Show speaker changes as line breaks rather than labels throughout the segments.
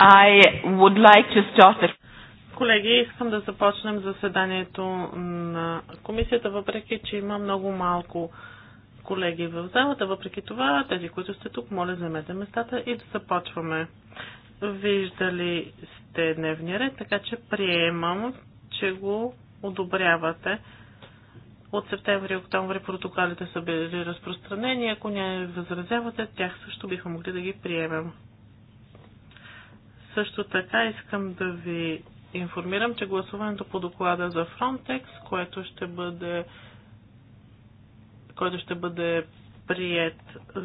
I
would like to start the...
Колеги, искам да започнем заседанието на комисията, въпреки че има много малко колеги в залата. Въпреки това, тези, които сте тук, моля, вземете местата и да започваме. Виждали сте дневния ред, така че приемам, че го одобрявате. От септември и октомври протоколите са били разпространени. Ако не възразявате, тях също биха могли да ги приемем. Също така искам да ви информирам, че гласуването по доклада за Frontex, което ще бъде, който ще бъде прият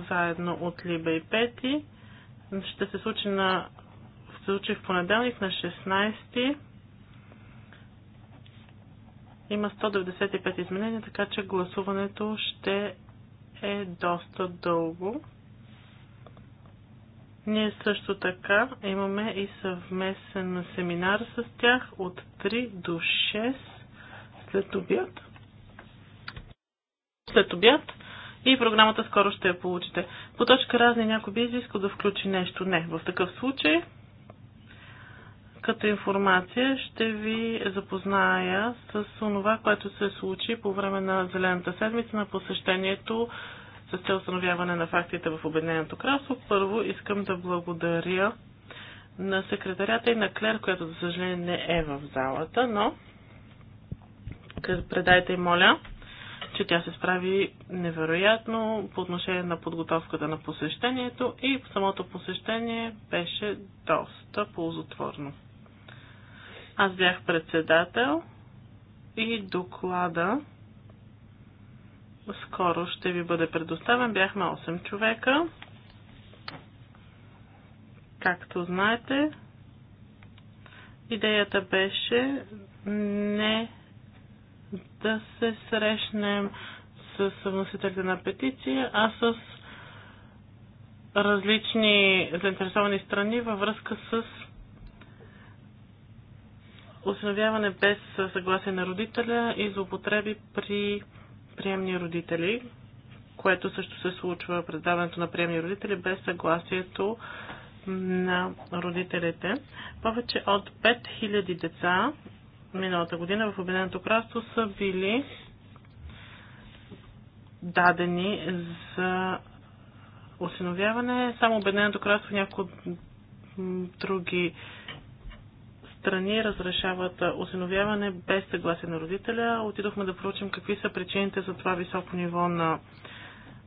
заедно от Либе и Пети, ще се случи, на, се случи в понеделник на 16 има 195 изменения, така че гласуването ще е доста дълго. Ние също така имаме и съвместен семинар с тях от 3 до 6 след обяд. След обяд и програмата скоро ще я получите. По точка разни някой би изискал да включи нещо. Не, в такъв случай като информация ще ви запозная с това, което се случи по време на Зелената седмица на посещението с цел установяване на фактите в Обединеното кралство. Първо искам да благодаря на секретарята и на Клер, която за съжаление не е в залата, но предайте и моля, че тя се справи невероятно по отношение на подготовката на посещението и самото посещение беше доста ползотворно. Аз бях председател и доклада скоро ще ви бъде предоставен. Бяхме 8 човека. Както знаете, идеята беше не да се срещнем с вносителите на петиция, а с различни заинтересовани страни във връзка с установяване без съгласие на родителя и злоупотреби при приемни родители, което също се случва предаването на приемни родители без съгласието на родителите. Повече от 5000 деца миналата година в Обединеното кралство са били дадени за осиновяване. Само Обединеното кралство някои други страни разрешават осиновяване без съгласие на родителя. Отидохме да проучим какви са причините за това високо ниво на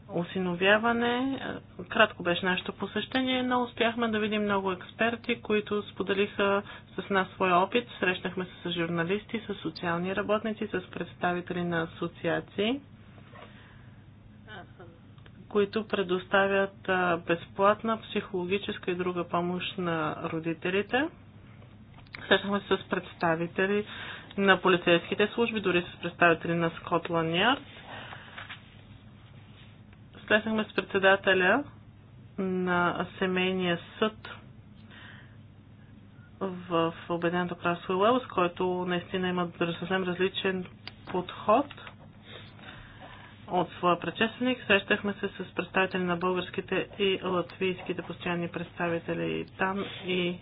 осиновяване. Кратко беше нашето посещение, но успяхме да видим много експерти, които споделиха с нас своя опит. Срещнахме се с журналисти, с социални работници, с представители на асоциации, които предоставят безплатна психологическа и друга помощ на родителите срещнахме се с представители на полицейските служби, дори с представители на Скотланд Ярд. Срещнахме с председателя на семейния съд в Обединеното кралство Уелс, който наистина има съвсем различен подход от своя предшественик. Срещахме се с представители на българските и латвийските постоянни представители там и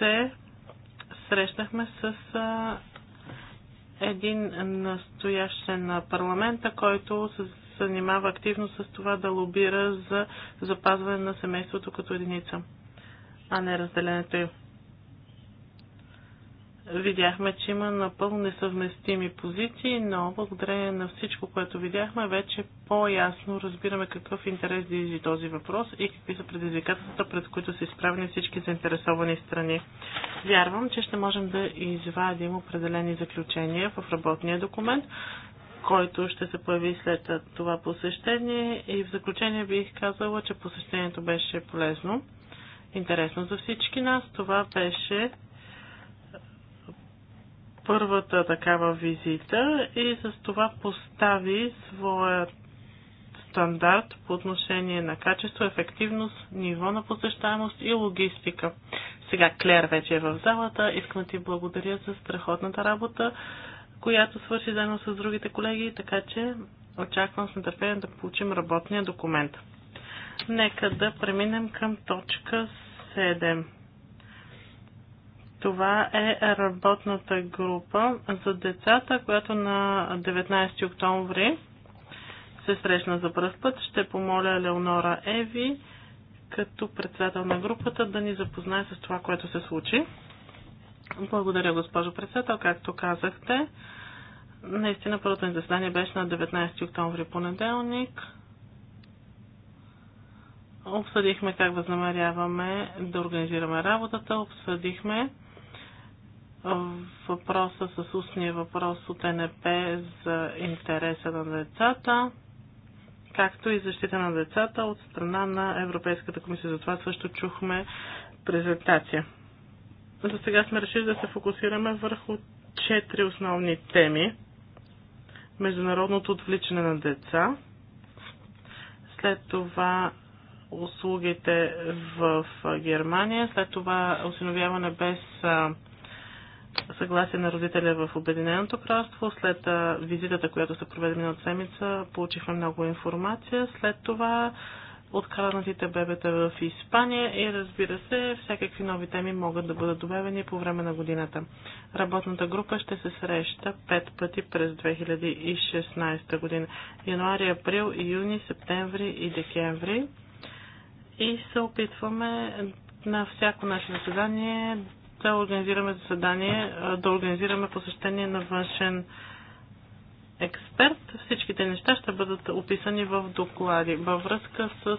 се срещнахме с един настоящ на парламента, който се занимава активно с това да лобира за запазване на семейството като единица, а не разделението им видяхме, че има напълно несъвместими позиции, но благодарение на всичко, което видяхме, вече по-ясно разбираме какъв интерес движи този въпрос и какви са предизвикателствата, пред които са изправени всички заинтересовани страни. Вярвам, че ще можем да извадим определени заключения в работния документ, който ще се появи след това посещение и в заключение бих казала, че посещението беше полезно. Интересно за всички нас. Това беше първата такава визита и с това постави своят стандарт по отношение на качество, ефективност, ниво на посещаемост и логистика. Сега Клер вече е в залата. Искам да ти благодаря за страхотната работа, която свърши заедно с другите колеги, така че очаквам с нетърпение да получим работния документ. Нека да преминем към точка 7. Това е работната група за децата, която на 19 октомври се срещна за пръв път. Ще помоля Леонора Еви, като председател на групата, да ни запознае с това, което се случи. Благодаря, госпожо председател. Както казахте, наистина първото ни заседание беше на 19 октомври понеделник. Обсъдихме как възнамеряваме да организираме работата, обсъдихме въпроса с устния въпрос от НП за интереса на децата, както и защита на децата от страна на Европейската комисия. Затова също чухме презентация. За сега сме решили да се фокусираме върху четири основни теми. Международното отвличане на деца, след това услугите в Германия, след това осиновяване без съгласие на родителя в Обединеното кралство. След визитата, която се проведе от седмица, получихме много информация. След това откраднатите бебета в Испания и разбира се, всякакви нови теми могат да бъдат добавени по време на годината. Работната група ще се среща пет пъти през 2016 година. Януари, април, юни, септември и декември. И се опитваме на всяко наше заседание да организираме заседание, да организираме посещение на външен експерт. Всичките неща ще бъдат описани в доклади. Във връзка с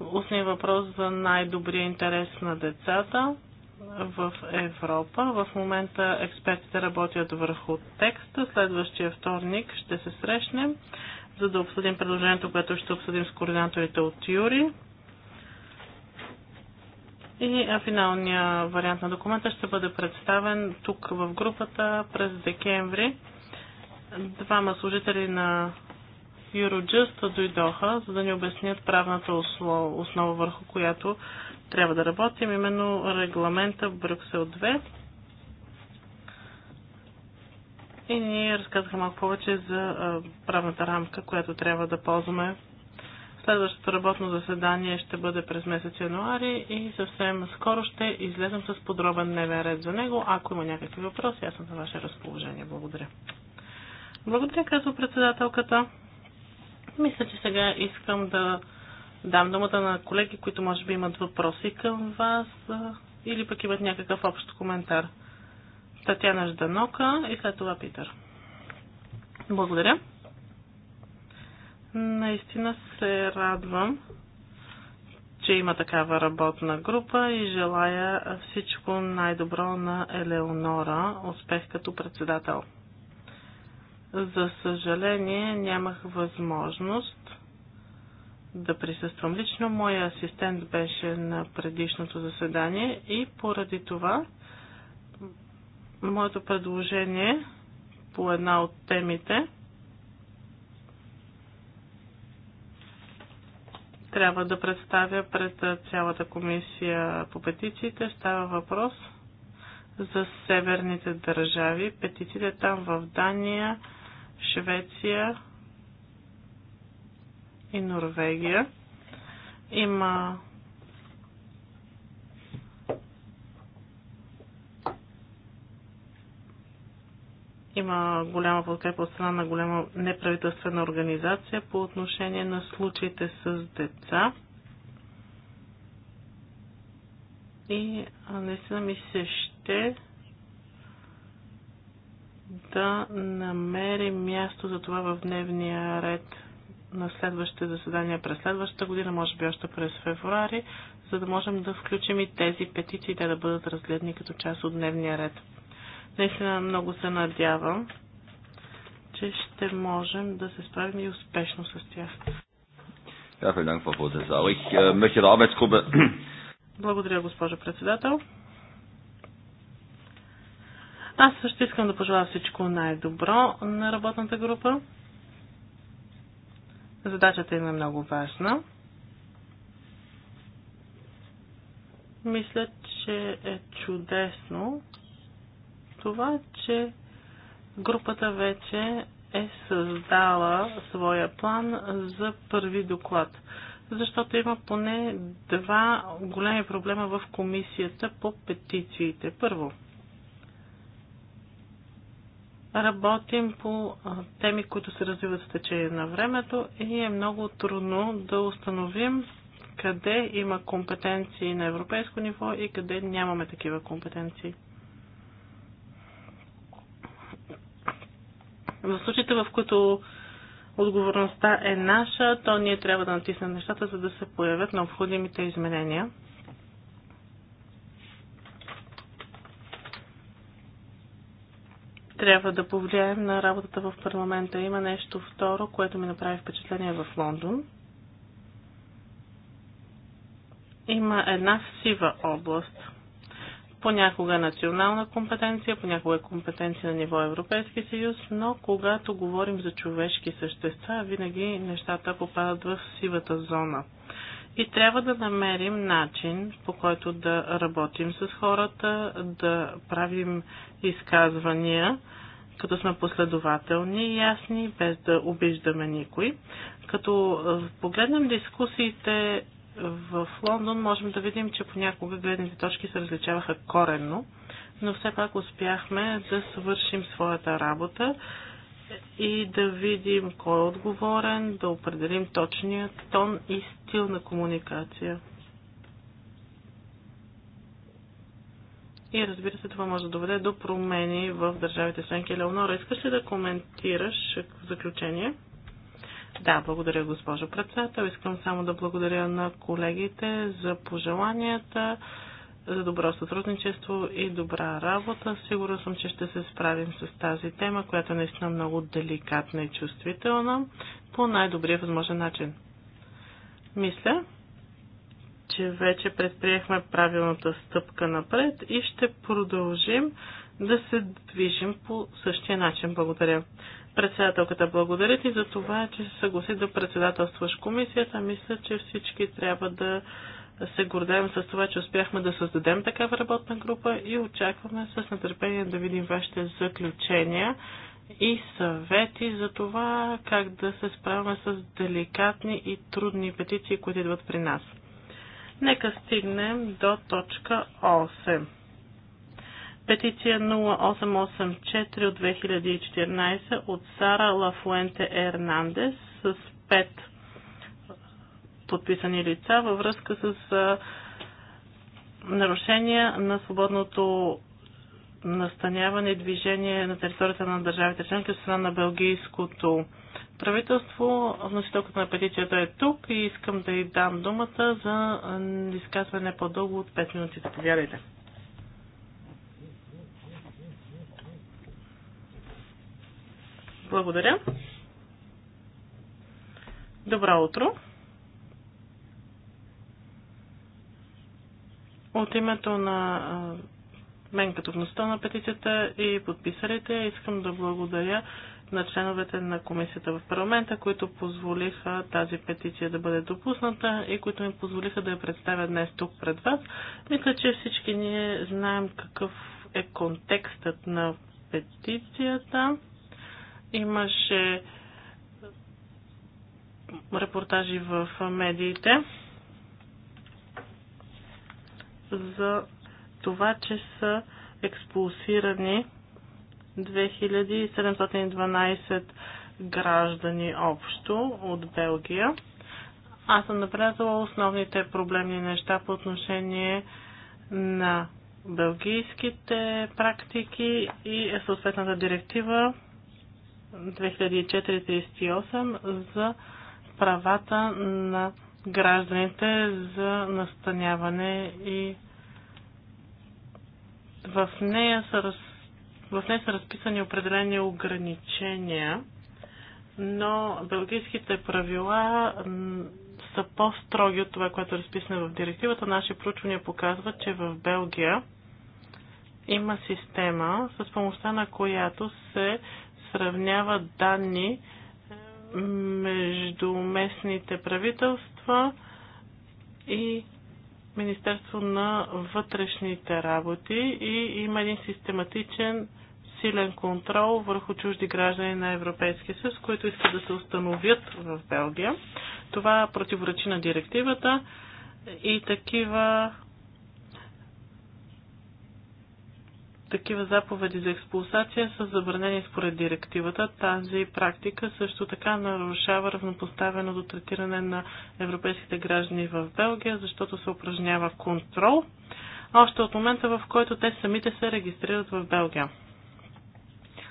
устния въпрос за най-добрия интерес на децата в Европа. В момента експертите работят върху текста. Следващия вторник ще се срещнем, за да обсъдим предложението, което ще обсъдим с координаторите от Юри. И финалният вариант на документа ще бъде представен тук в групата през декември. Двама служители на Eurojust дойдоха, за да ни обяснят правната основа, върху която трябва да работим, именно регламента Брюксел 2. И ние разказаха малко повече за правната рамка, която трябва да ползваме Следващото работно заседание ще бъде през месец януари и съвсем скоро ще излезем с подробен дневен ред за него. Ако има някакви въпроси, аз съм на ваше разположение. Благодаря. Благодаря, казва председателката. Мисля, че сега искам да дам думата на колеги, които може би имат въпроси към вас или пък имат някакъв общ коментар. Татьяна Жданока и след това Питър. Благодаря. Наистина се радвам, че има такава работна група и желая всичко най-добро на Елеонора, успех като председател. За съжаление нямах възможност да присъствам лично. Моя асистент беше на предишното заседание и поради това моето предложение по една от темите – трябва да представя пред цялата комисия по петициите. Става въпрос за северните държави. Петициите там в Дания, Швеция и Норвегия. Има Има голяма подкрепа от страна на голяма неправителствена организация по отношение на случаите с деца. И наистина ми се ще да намерим място за това в дневния ред на следващите заседания през следващата година, може би още през февруари, за да можем да включим и тези петиции, те да бъдат разгледани като част от дневния ред. Наистина много се надявам, че ще можем да се справим и успешно с тях.
Ja, vielen Dank, Frau ich äh, möchte der Arbeitsgruppe.
Благодаря, госпожо председател. Аз също искам да пожелая всичко най-добро на работната група. Задачата им е много важна. Мисля, че е чудесно, това, че групата вече е създала своя план за първи доклад. Защото има поне два големи проблема в комисията по петициите. Първо, работим по теми, които се развиват с течение на времето и е много трудно да установим къде има компетенции на европейско ниво и къде нямаме такива компетенции. В случаите, в които отговорността е наша, то ние трябва да натиснем нещата, за да се появят необходимите изменения. Трябва да повлияем на работата в парламента. Има нещо второ, което ми направи впечатление в Лондон. Има една сива област – понякога национална компетенция, понякога е компетенция на ниво Европейски съюз, но когато говорим за човешки същества, винаги нещата попадат в сивата зона. И трябва да намерим начин, по който да работим с хората, да правим изказвания, като сме последователни и ясни, без да обиждаме никой. Като погледнем дискусиите в Лондон можем да видим, че понякога гледните точки се различаваха коренно, но все пак успяхме да свършим своята работа и да видим кой е отговорен, да определим точния тон и стил на комуникация. И разбира се, това може да доведе до промени в държавите членки. Леонора, искаш ли да коментираш в заключение? Да, благодаря, госпожо председател. Искам само да благодаря на колегите за пожеланията, за добро сътрудничество и добра работа. Сигурна съм, че ще се справим с тази тема, която е наистина много деликатна и чувствителна, по най-добрия възможен начин. Мисля, че вече предприехме правилната стъпка напред и ще продължим да се движим по същия начин. Благодаря. Председателката благодаря ти за това, че се съгласи да председателстваш комисията. Мисля, че всички трябва да се гордеем с това, че успяхме да създадем такава работна група и очакваме с нетърпение да видим вашите заключения и съвети за това как да се справяме с деликатни и трудни петиции, които идват при нас. Нека стигнем до точка 8. Петиция 0884 от 2014 от Сара Лафуенте Ернандес с 5 подписани лица във връзка с нарушения на свободното настаняване и движение на територията на държавите членки от страна на белгийското правителство. Вносителката на петицията е тук и искам да й дам думата за изказване по-дълго от 5 минути. Заповядайте. Да Благодаря. Добро утро. От името на мен като вноста на петицията и подписалите искам да благодаря на членовете на комисията в парламента, които позволиха тази петиция да бъде допусната и които ми позволиха да я представя днес тук пред вас. Мисля, че всички ние знаем какъв е контекстът на петицията. Имаше репортажи в медиите за това, че са експулсирани 2712 граждани общо от Белгия. Аз съм набелязала основните проблемни неща по отношение на белгийските практики и съответната директива 2438 за правата на гражданите за настаняване и в нея са, раз... в нея са разписани определени ограничения, но белгийските правила са по-строги от това, което е разписано в директивата. Наши проучвания показват, че в Белгия има система, с помощта на която се сравнява данни е, между местните правителства и Министерство на вътрешните работи и има един систематичен силен контрол върху чужди граждани на Европейския съюз, които искат да се установят в Белгия. Това противоречи на директивата и такива такива заповеди за експулсация са забранени според директивата. Тази практика също така нарушава равнопоставеното третиране на европейските граждани в Белгия, защото се упражнява контрол още от момента, в който те самите се регистрират в Белгия.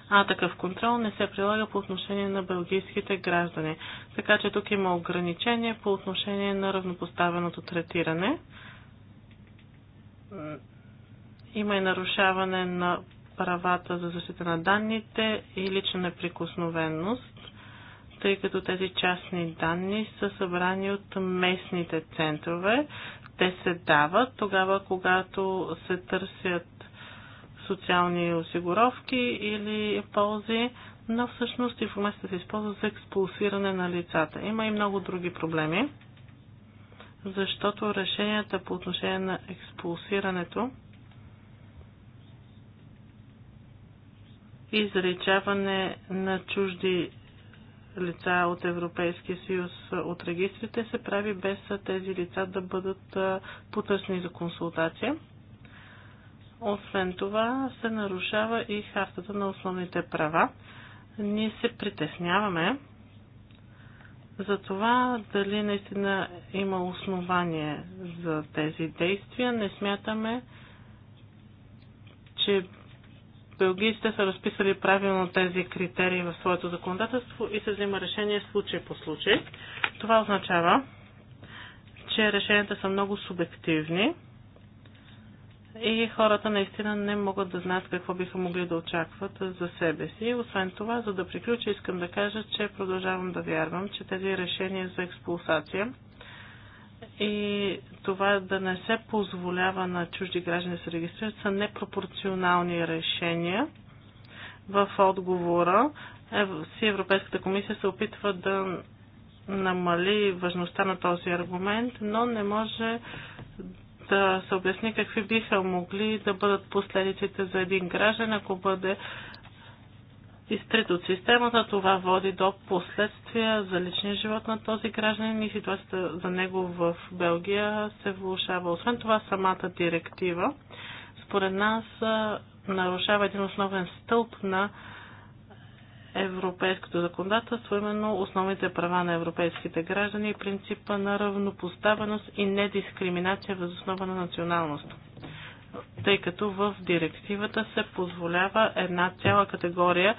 А такъв контрол не се прилага по отношение на белгийските граждани. Така че тук има ограничение по отношение на равнопоставеното третиране има и нарушаване на правата за защита на данните и лична неприкосновенност, тъй като тези частни данни са събрани от местните центрове. Те се дават тогава, когато се търсят социални осигуровки или ползи, но всъщност информацията се използва за експулсиране на лицата. Има и много други проблеми, защото решенията по отношение на експулсирането и заличаване на чужди лица от Европейския съюз от регистрите се прави без тези лица да бъдат потъсни за консултация. Освен това се нарушава и хартата на основните права. Ние се притесняваме за това дали наистина има основание за тези действия. Не смятаме, че белгийците са разписали правилно тези критерии в своето законодателство и се взима решение случай по случай. Това означава, че решенията са много субективни и хората наистина не могат да знаят какво биха могли да очакват за себе си. Освен това, за да приключа, искам да кажа, че продължавам да вярвам, че тези решения за експулсация и това да не се позволява на чужди граждани да се регистрират са непропорционални решения. В отговора си Европейската комисия се опитва да намали важността на този аргумент, но не може да се обясни какви биха могли да бъдат последиците за един граждан, ако бъде изтрит от системата. Това води до последствия за личния живот на този гражданин и ситуацията за него в Белгия се влушава. Освен това, самата директива, според нас, нарушава един основен стълб на европейското законодателство, именно основните права на европейските граждани и принципа на равнопоставеност и недискриминация въз основа на националност тъй като в директивата се позволява една цяла категория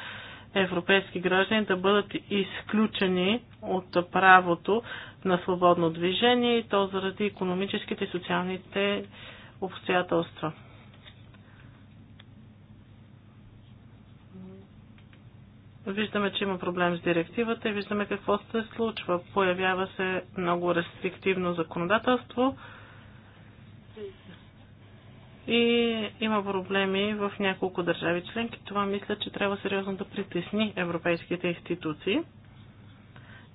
европейски граждани да бъдат изключени от правото на свободно движение и то заради економическите и социалните обстоятелства. Виждаме, че има проблем с директивата и виждаме какво се случва. Появява се много рестриктивно законодателство и има проблеми в няколко държави членки. Това мисля, че трябва сериозно да притесни европейските институции.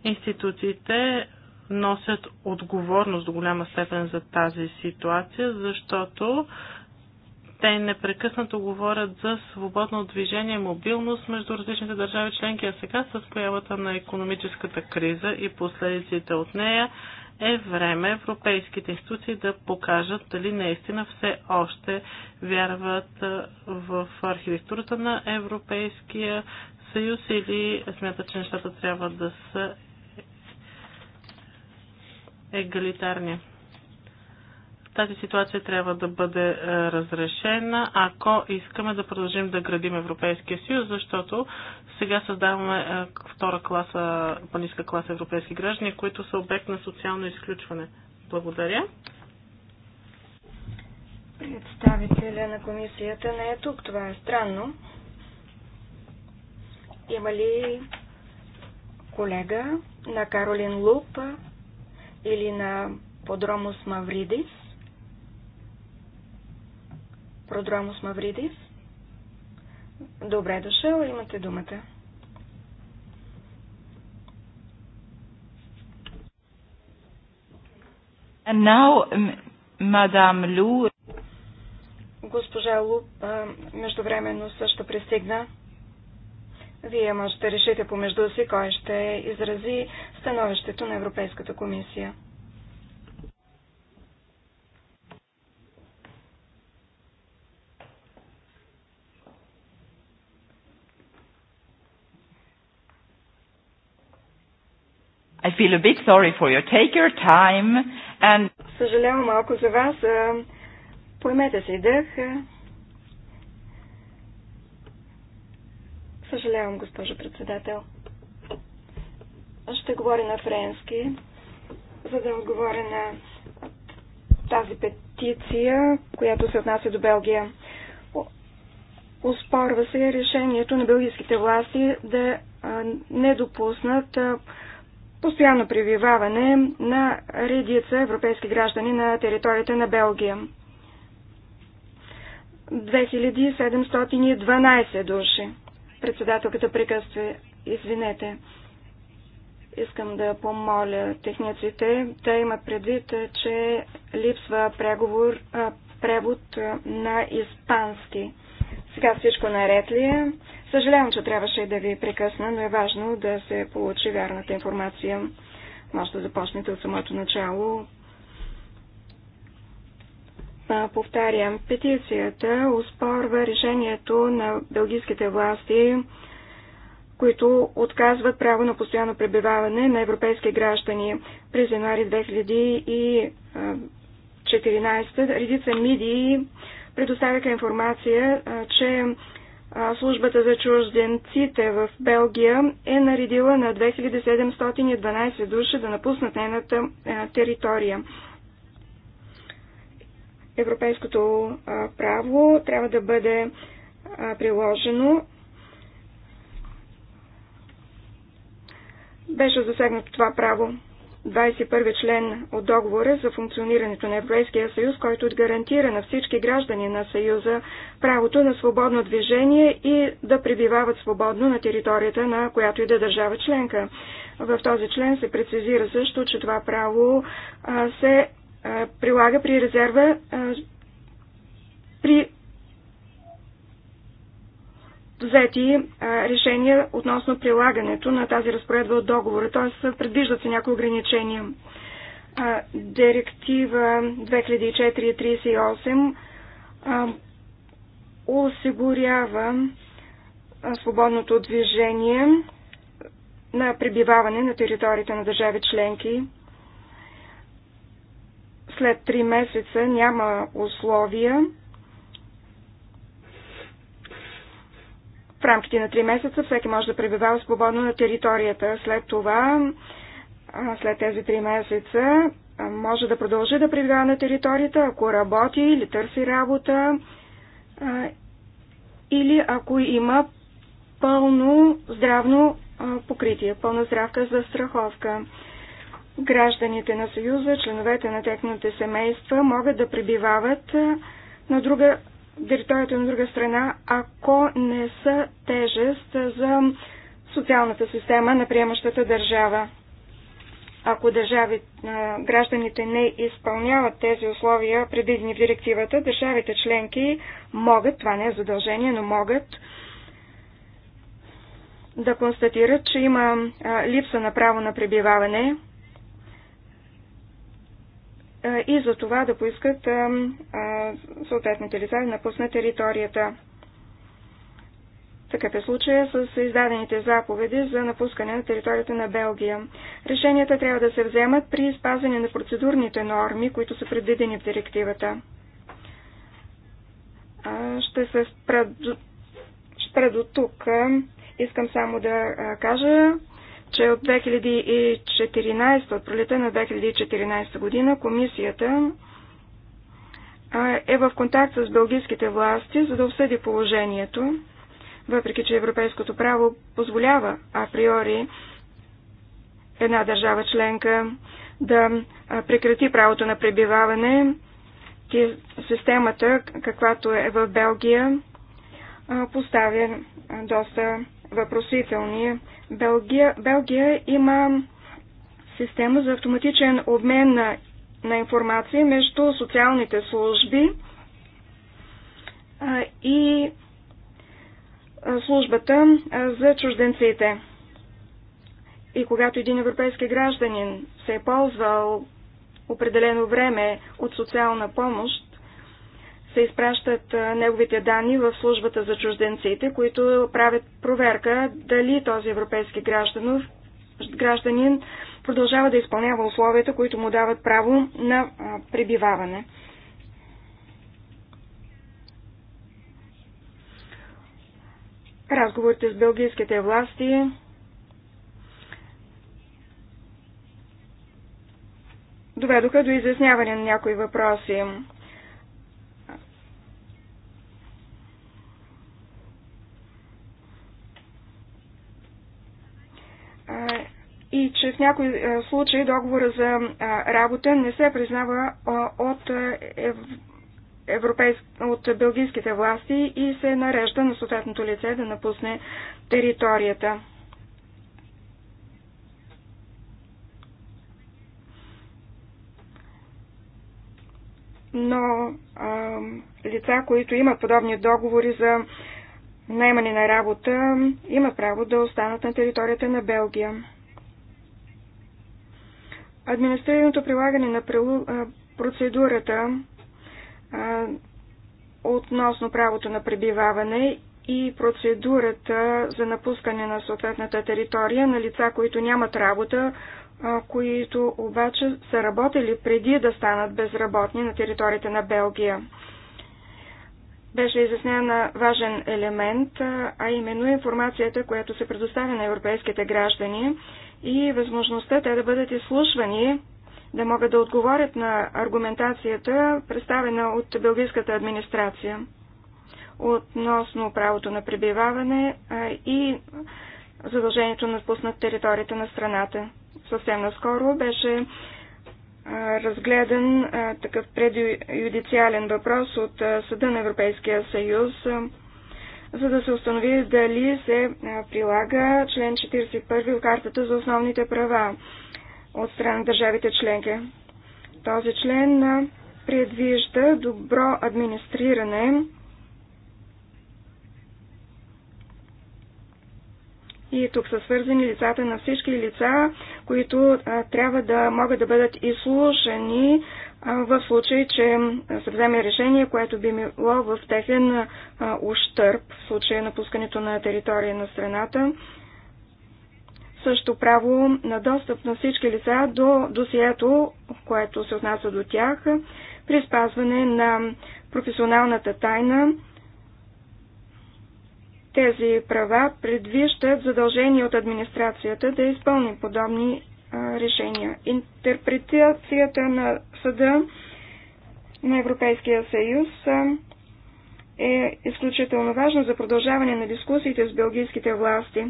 Институциите носят отговорност до голяма степен за тази ситуация, защото те непрекъснато говорят за свободно движение, мобилност между различните държави членки, а сега с появата на економическата криза и последиците от нея е време европейските институции да покажат дали наистина все още вярват в архитектурата на Европейския съюз или смятат, че нещата трябва да са егалитарни. Тази ситуация трябва да бъде разрешена, ако искаме да продължим да градим Европейския съюз, защото сега създаваме е, втора класа, по-ниска класа европейски граждани, които са обект на социално изключване. Благодаря.
Представителя на комисията не е тук. Това е странно. Има ли колега на Каролин Луп или на Подромус Мавридис? Продромус Мавридис? Добре дошъл, имате думата.
And now, Лу.
Госпожа Лу междувременно също пристигна. Вие можете решите помежду си кой ще изрази становището на Европейската комисия.
I feel a bit sorry for you. Take your time
and... Съжалявам малко за вас. Поймете си дъх. Съжалявам, госпожо председател. Ще говоря на френски, за да отговоря на тази петиция, която се отнася до Белгия. Успорва се решението на белгийските власти да не допуснат постоянно превиваване на редица европейски граждани на територията на Белгия. 2712 души. Председателката прекъсва. Извинете. Искам да помоля техниците да имат предвид, че липсва преговор, превод на испански. Сега всичко наред ли е? Съжалявам, че трябваше да ви прекъсна, но е важно да се получи вярната информация. Може да започнете от самото начало. Повтарям, петицията успорва решението на белгийските власти, които отказват право на постоянно пребиваване на европейски граждани. През януари 2014 редица мидии предоставяха информация, че службата за чужденците в Белгия е наредила на 2712 души да напуснат нейната е, територия. Европейското право трябва да бъде приложено. Беше засегнато това право. 21 член от договора за функционирането на Европейския съюз, който гарантира на всички граждани на съюза правото на свободно движение и да пребивават свободно на територията на която и да е държава членка. В този член се прецизира също, че това право се прилага при резерва при взети решения относно прилагането на тази разпоредба от договора, т.е. предвиждат се някои ограничения. Директива 2004-38 осигурява свободното движение на пребиваване на територията на държави членки. След три месеца няма условия В рамките на 3 месеца всеки може да пребивава свободно на територията. След това, след тези 3 месеца, може да продължи да пребивава на територията, ако работи или търси работа, или ако има пълно здравно покритие, пълна здравка за страховка. Гражданите на Съюза, членовете на техните семейства могат да пребивават на друга територията на друга страна, ако не са тежест за социалната система на приемащата държава. Ако държави, гражданите не изпълняват тези условия, предвидени в директивата, държавите членки могат, това не е задължение, но могат да констатират, че има липса на право на пребиваване е, и за това да поискат е, е, съответните лица да напуснат територията. Такъв е случая с издадените заповеди за напускане на територията на Белгия. Решенията трябва да се вземат при спазване на процедурните норми, които са предвидени в директивата. Ще се спра, до тук. Искам само да кажа, че от 2014, от пролета на 2014 година, комисията е в контакт с бългийските власти, за да обсъди положението, въпреки че европейското право позволява априори една държава членка да прекрати правото на пребиваване. Системата, каквато е в Белгия, поставя доста въпросителни. Белгия, Белгия има система за автоматичен обмен на, на информация между социалните служби а, и а, службата а, за чужденците. И когато един европейски гражданин се е ползвал определено време от социална помощ, се изпращат неговите данни в службата за чужденците, които правят проверка дали този европейски гражданин, продължава да изпълнява условията, които му дават право на пребиваване. Разговорите с белгийските власти доведоха до изясняване на някои въпроси. и че в някои случаи договора за работа не се признава от, европейс... от белгийските власти и се нарежда на съответното лице да напусне територията. Но а, лица, които имат подобни договори за наймани на работа има право да останат на територията на Белгия. Административното прилагане на процедурата относно правото на пребиваване и процедурата за напускане на съответната територия на лица, които нямат работа, които обаче са работили преди да станат безработни на територията на Белгия беше изяснена важен елемент, а именно информацията, която се предоставя на европейските граждани и възможността те да бъдат изслушвани, да могат да отговорят на аргументацията, представена от Белгийската администрация относно правото на пребиваване и задължението на спуснат територията на страната. Съвсем наскоро беше разгледан такъв предюдициален въпрос от Съда на Европейския съюз, за да се установи дали се прилага член 41 от Картата за основните права от страна на държавите членки. Този член предвижда добро администриране и тук са свързани лицата на всички лица, които трябва да могат да бъдат изслушани в случай, че се вземе решение, което би било в техен ущърп в случай на пускането на територия на страната. Също право на достъп на всички лица до досието, което се отнася до тях, при спазване на професионалната тайна тези права предвиждат задължение от администрацията да изпълни подобни а, решения. Интерпретацията на съда на Европейския съюз а, е изключително важна за продължаване на дискусиите с белгийските власти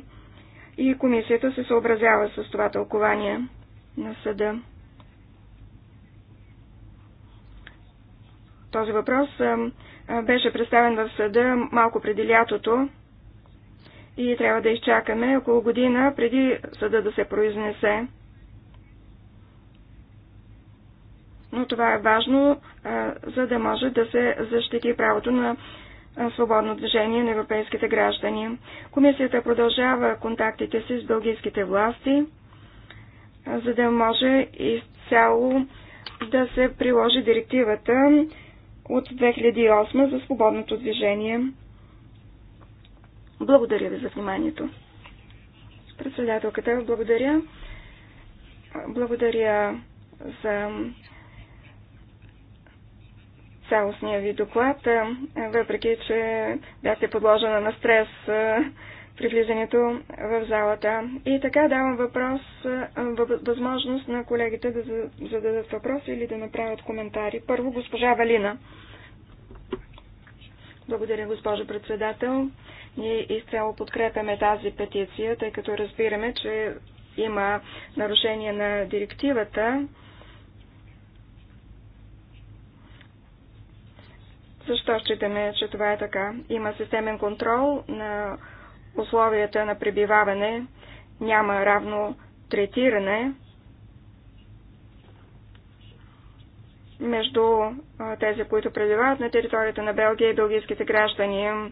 и комисията се съобразява с това тълкование на съда. Този въпрос беше представен в съда малко преди лятото и трябва да изчакаме около година преди съда да се произнесе. Но това е важно, за да може да се защити правото на свободно движение на европейските граждани. Комисията продължава контактите си с бългийските власти, за да може изцяло да се приложи директивата от 2008 за свободното движение. Благодаря ви за вниманието. Председателката, благодаря. Благодаря за цялостния ви доклад, въпреки че бяхте подложена на стрес при влизането в залата. И така давам въпрос, възможност на колегите да зададат въпроси или да направят коментари. Първо госпожа Валина. Благодаря, госпожо председател. Ние изцяло подкрепяме тази петиция, тъй като разбираме, че има нарушение на директивата, Защо считаме, че това е така? Има системен контрол на условията на пребиваване, няма равно третиране между тези, които пребивават на територията на Белгия и белгийските граждани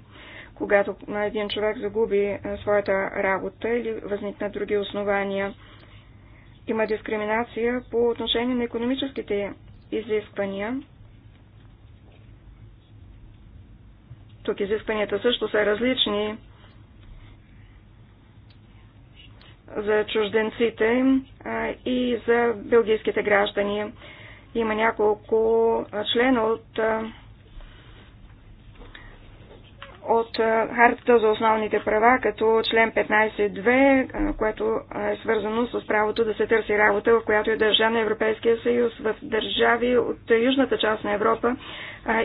когато един човек загуби е, своята работа или възникнат други основания. Има дискриминация по отношение на економическите изисквания. Тук изискванията също са различни за чужденците е, и за белгийските граждани. Има няколко члена от е, от Хартата за основните права, като член 15.2, което е свързано с правото да се търси работа, в която е държа на Европейския съюз. В държави от южната част на Европа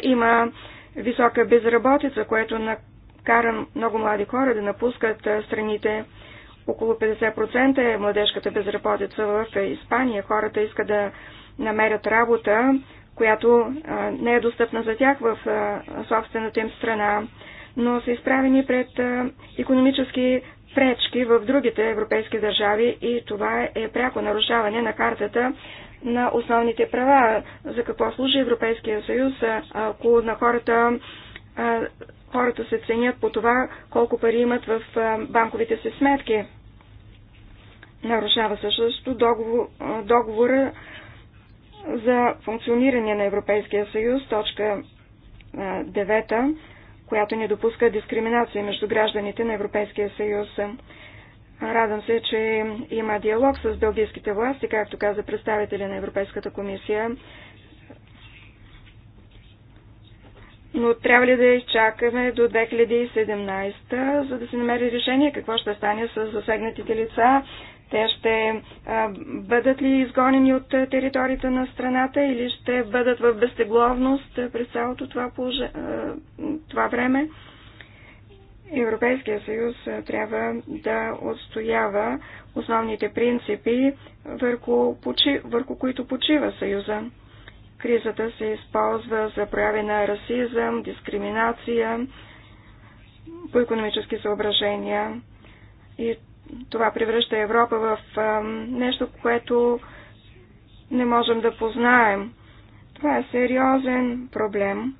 има висока безработица, което накара много млади хора да напускат страните. Около 50% е младежката безработица в Испания. Хората искат да намерят работа, която не е достъпна за тях в собствената им страна но са изправени пред економически пречки в другите европейски държави и това е пряко нарушаване на картата на основните права. За какво служи Европейския съюз, ако на хората хората се ценят по това колко пари имат в банковите си сметки. Нарушава също договор, договора за функциониране на Европейския съюз, точка 9, която не допуска дискриминация между гражданите на Европейския съюз. Радвам се, че има диалог с белгийските власти, както каза представители на Европейската комисия. Но трябва ли да изчакаме до 2017, за да се намери решение какво ще стане с засегнатите лица, те ще бъдат ли изгонени от територията на страната или ще бъдат в безтегловност през цялото това, положе... това време? Европейския съюз трябва да отстоява основните принципи, върху, почи... върху които почива съюза. Кризата се използва за прояви на расизъм, дискриминация, по економически съображения. И това превръща Европа в нещо, което не можем да познаем. Това е сериозен проблем.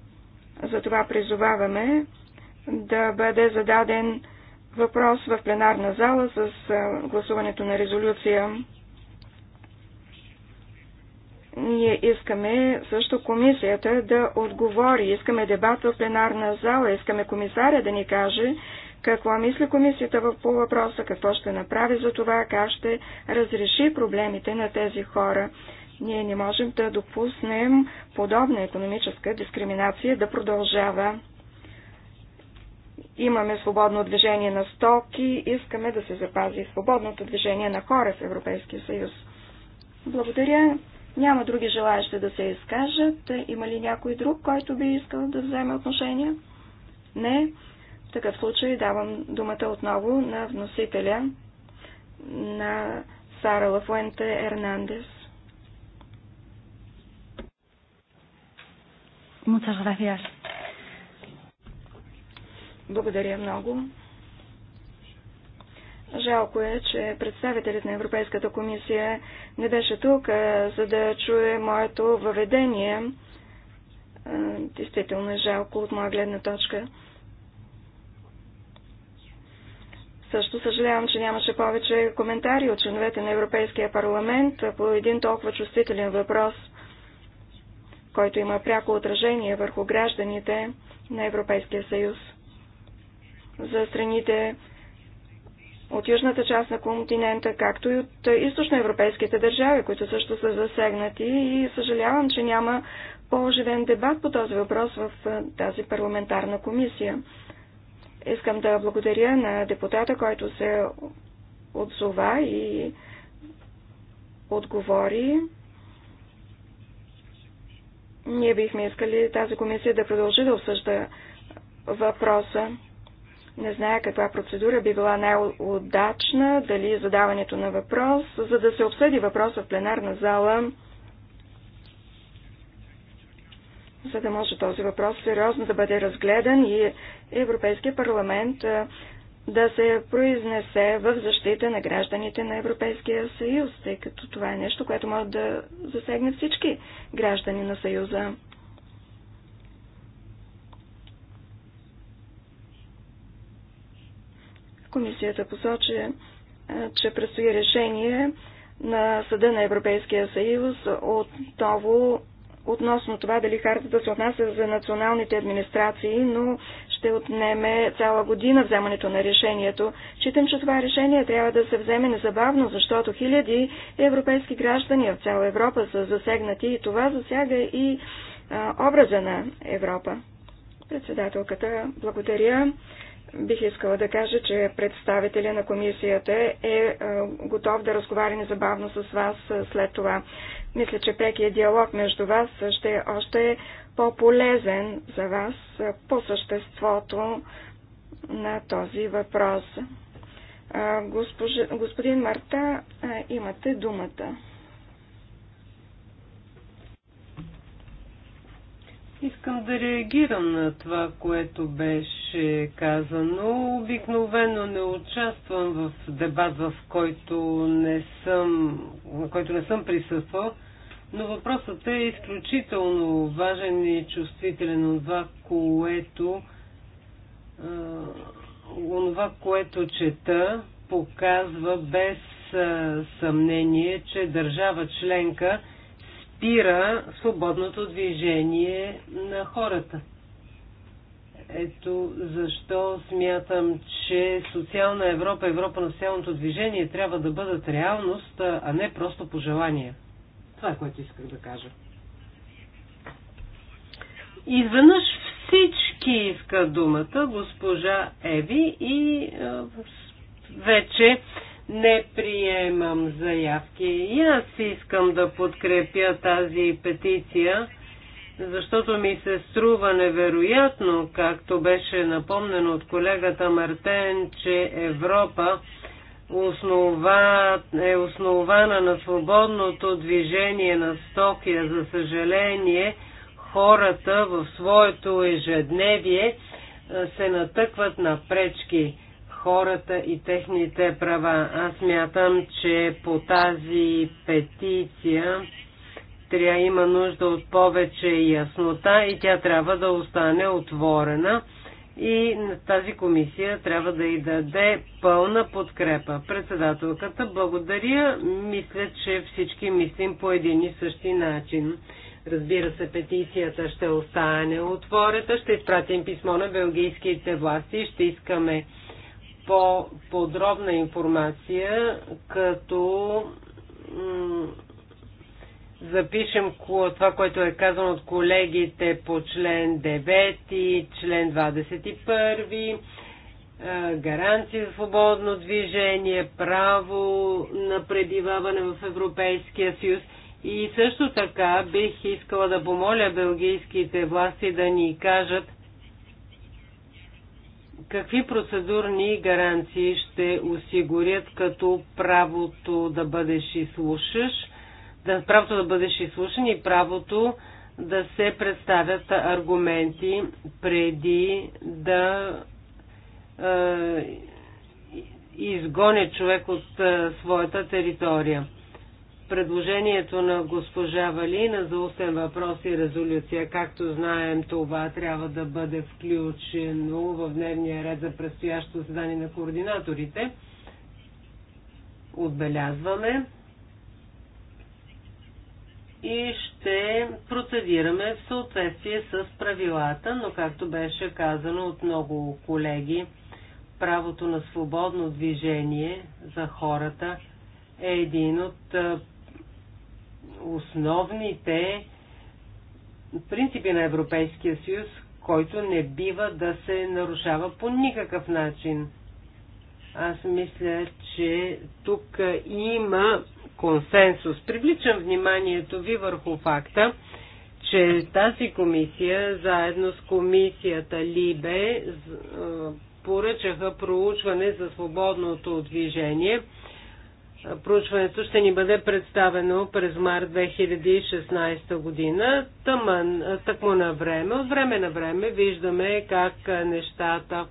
Затова призоваваме да бъде зададен въпрос в пленарна зала с гласуването на резолюция. Ние искаме също комисията да отговори, искаме дебат в пленарна зала, искаме комисаря да ни каже какво мисли комисията по въпроса, какво ще направи за това, как ще разреши проблемите на тези хора. Ние не можем да допуснем подобна економическа дискриминация да продължава. Имаме свободно движение на стоки, искаме да се запази свободното движение на хора в Европейския съюз. Благодаря. Няма други желаящи да се изкажат. Има ли някой друг, който би искал да вземе отношение? Не такъв случай давам думата отново на вносителя на Сара Лафуенте Ернандес.
Muchas gracias.
Благодаря много. Жалко е, че представителят на Европейската комисия не беше тук, за да чуе моето въведение. Действително е жалко от моя гледна точка. Също съжалявам, че нямаше повече коментари от членовете на Европейския парламент по един толкова чувствителен въпрос, който има пряко отражение върху гражданите на Европейския съюз. За страните от южната част на континента, както и от източноевропейските държави, които също са засегнати и съжалявам, че няма по-оживен дебат по този въпрос в тази парламентарна комисия. Искам да благодаря на депутата, който се отзова и отговори. Ние бихме искали тази комисия да продължи да обсъжда въпроса. Не зная каква процедура би била най-удачна, дали задаването на въпрос, за да се обсъди въпроса в пленарна зала за да може този въпрос сериозно да бъде разгледан и Европейския парламент да се произнесе в защита на гражданите на Европейския съюз, тъй като това е нещо, което може да засегне всички граждани на съюза. Комисията посочи, че предстои решение на Съда на Европейския съюз отново относно това дали хартата се отнася за националните администрации, но ще отнеме цяла година вземането на решението. Читам, че това решение трябва да се вземе незабавно, защото хиляди европейски граждани в цяла Европа са засегнати и това засяга и а, образа на Европа. Председателката, благодаря. Бих искала да кажа, че представителя на комисията е готов да разговаря незабавно с вас след това. Мисля, че прекият диалог между вас ще е още по-полезен за вас по съществото на този въпрос. Госпожи, господин Марта, имате думата.
Искам да реагирам на това, което беше казано. Обикновено не участвам в дебат, в който не съм, на който не съм присъствал, но въпросът е изключително важен и чувствителен от това, което онова, което чета, показва без съмнение, че държава членка – спира свободното движение на хората. Ето защо смятам, че социална Европа, Европа на социалното движение трябва да бъдат реалност, а не просто пожелания. Това е което исках да кажа. Изведнъж всички иска думата, госпожа Еви и вече не приемам заявки. И аз искам да подкрепя тази петиция, защото ми се струва невероятно, както беше напомнено от колегата Мартен, че Европа основа, е основана на свободното движение на стоки, за съжаление хората в своето ежедневие се натъкват на пречки хората и техните права. Аз мятам, че по тази петиция трябва има нужда от повече яснота и тя трябва да остане отворена и тази комисия трябва да й даде пълна подкрепа. Председателката, благодаря. Мисля, че всички мислим по един и същи начин. Разбира се, петицията ще остане отворена. Ще изпратим писмо на белгийските власти и ще искаме по-подробна информация, като запишем това, което е казано от колегите по член 9, член 21, е, гаранция за свободно движение, право на предиваване в Европейския съюз. И също така бих искала да помоля белгийските власти да ни кажат какви процедурни гаранции ще осигурят като правото да бъдеш слушаш, да, правото да бъдеш слушан и правото да се представят аргументи преди да е, изгоне човек от е, своята територия предложението на госпожа Валина за устен въпрос и резолюция. Както знаем, това трябва да бъде включено в дневния ред за предстоящото заседание на координаторите. Отбелязваме и ще процедираме в съответствие с правилата, но както беше казано от много колеги, правото на свободно движение за хората – е един от основните принципи на Европейския съюз, който не бива да се нарушава по никакъв начин. Аз мисля, че тук има консенсус. Привличам вниманието ви върху факта, че тази комисия, заедно с комисията Либе, поръчаха проучване за свободното движение – Проучването ще ни бъде представено през март 2016 година. Тъмън, тъкмо на време. От време на време виждаме как нещата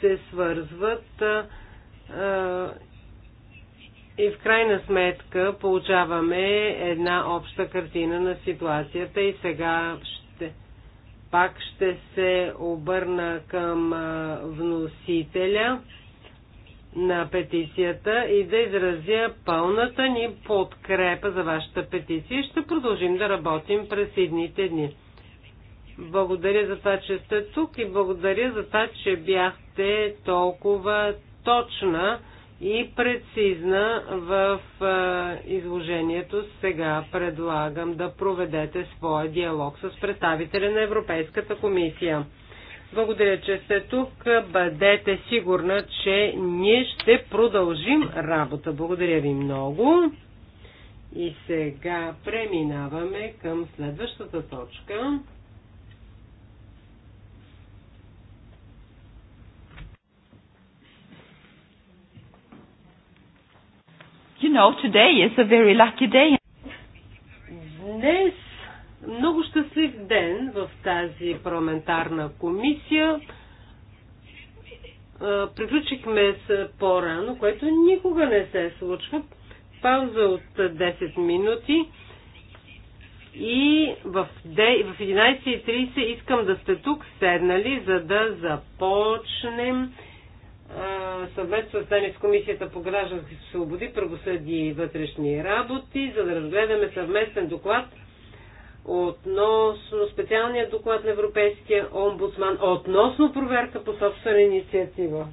се свързват и в крайна сметка получаваме една обща картина на ситуацията и сега ще, пак ще се обърна към вносителя на петицията и да изразя пълната ни подкрепа за вашата петиция. Ще продължим да работим през идните дни. Благодаря за това, че сте тук и благодаря за това, че бяхте толкова точна и прецизна в изложението. Сега предлагам да проведете своя диалог с представителя на Европейската комисия. Благодаря, че сте тук. Бъдете сигурна, че ние ще продължим работа. Благодаря ви много. И сега преминаваме към следващата точка.
You know, today is a very lucky day.
Днес много щастлив ден в тази парламентарна комисия. Приключихме с по-рано, което никога не се случва. Пауза от 10 минути. И в 11.30 искам да сте тук седнали, за да започнем съвместно с с Комисията по граждански свободи, правосъдие и вътрешни работи, за да разгледаме съвместен доклад относно специалния доклад на Европейския омбудсман относно проверка по собствена инициатива.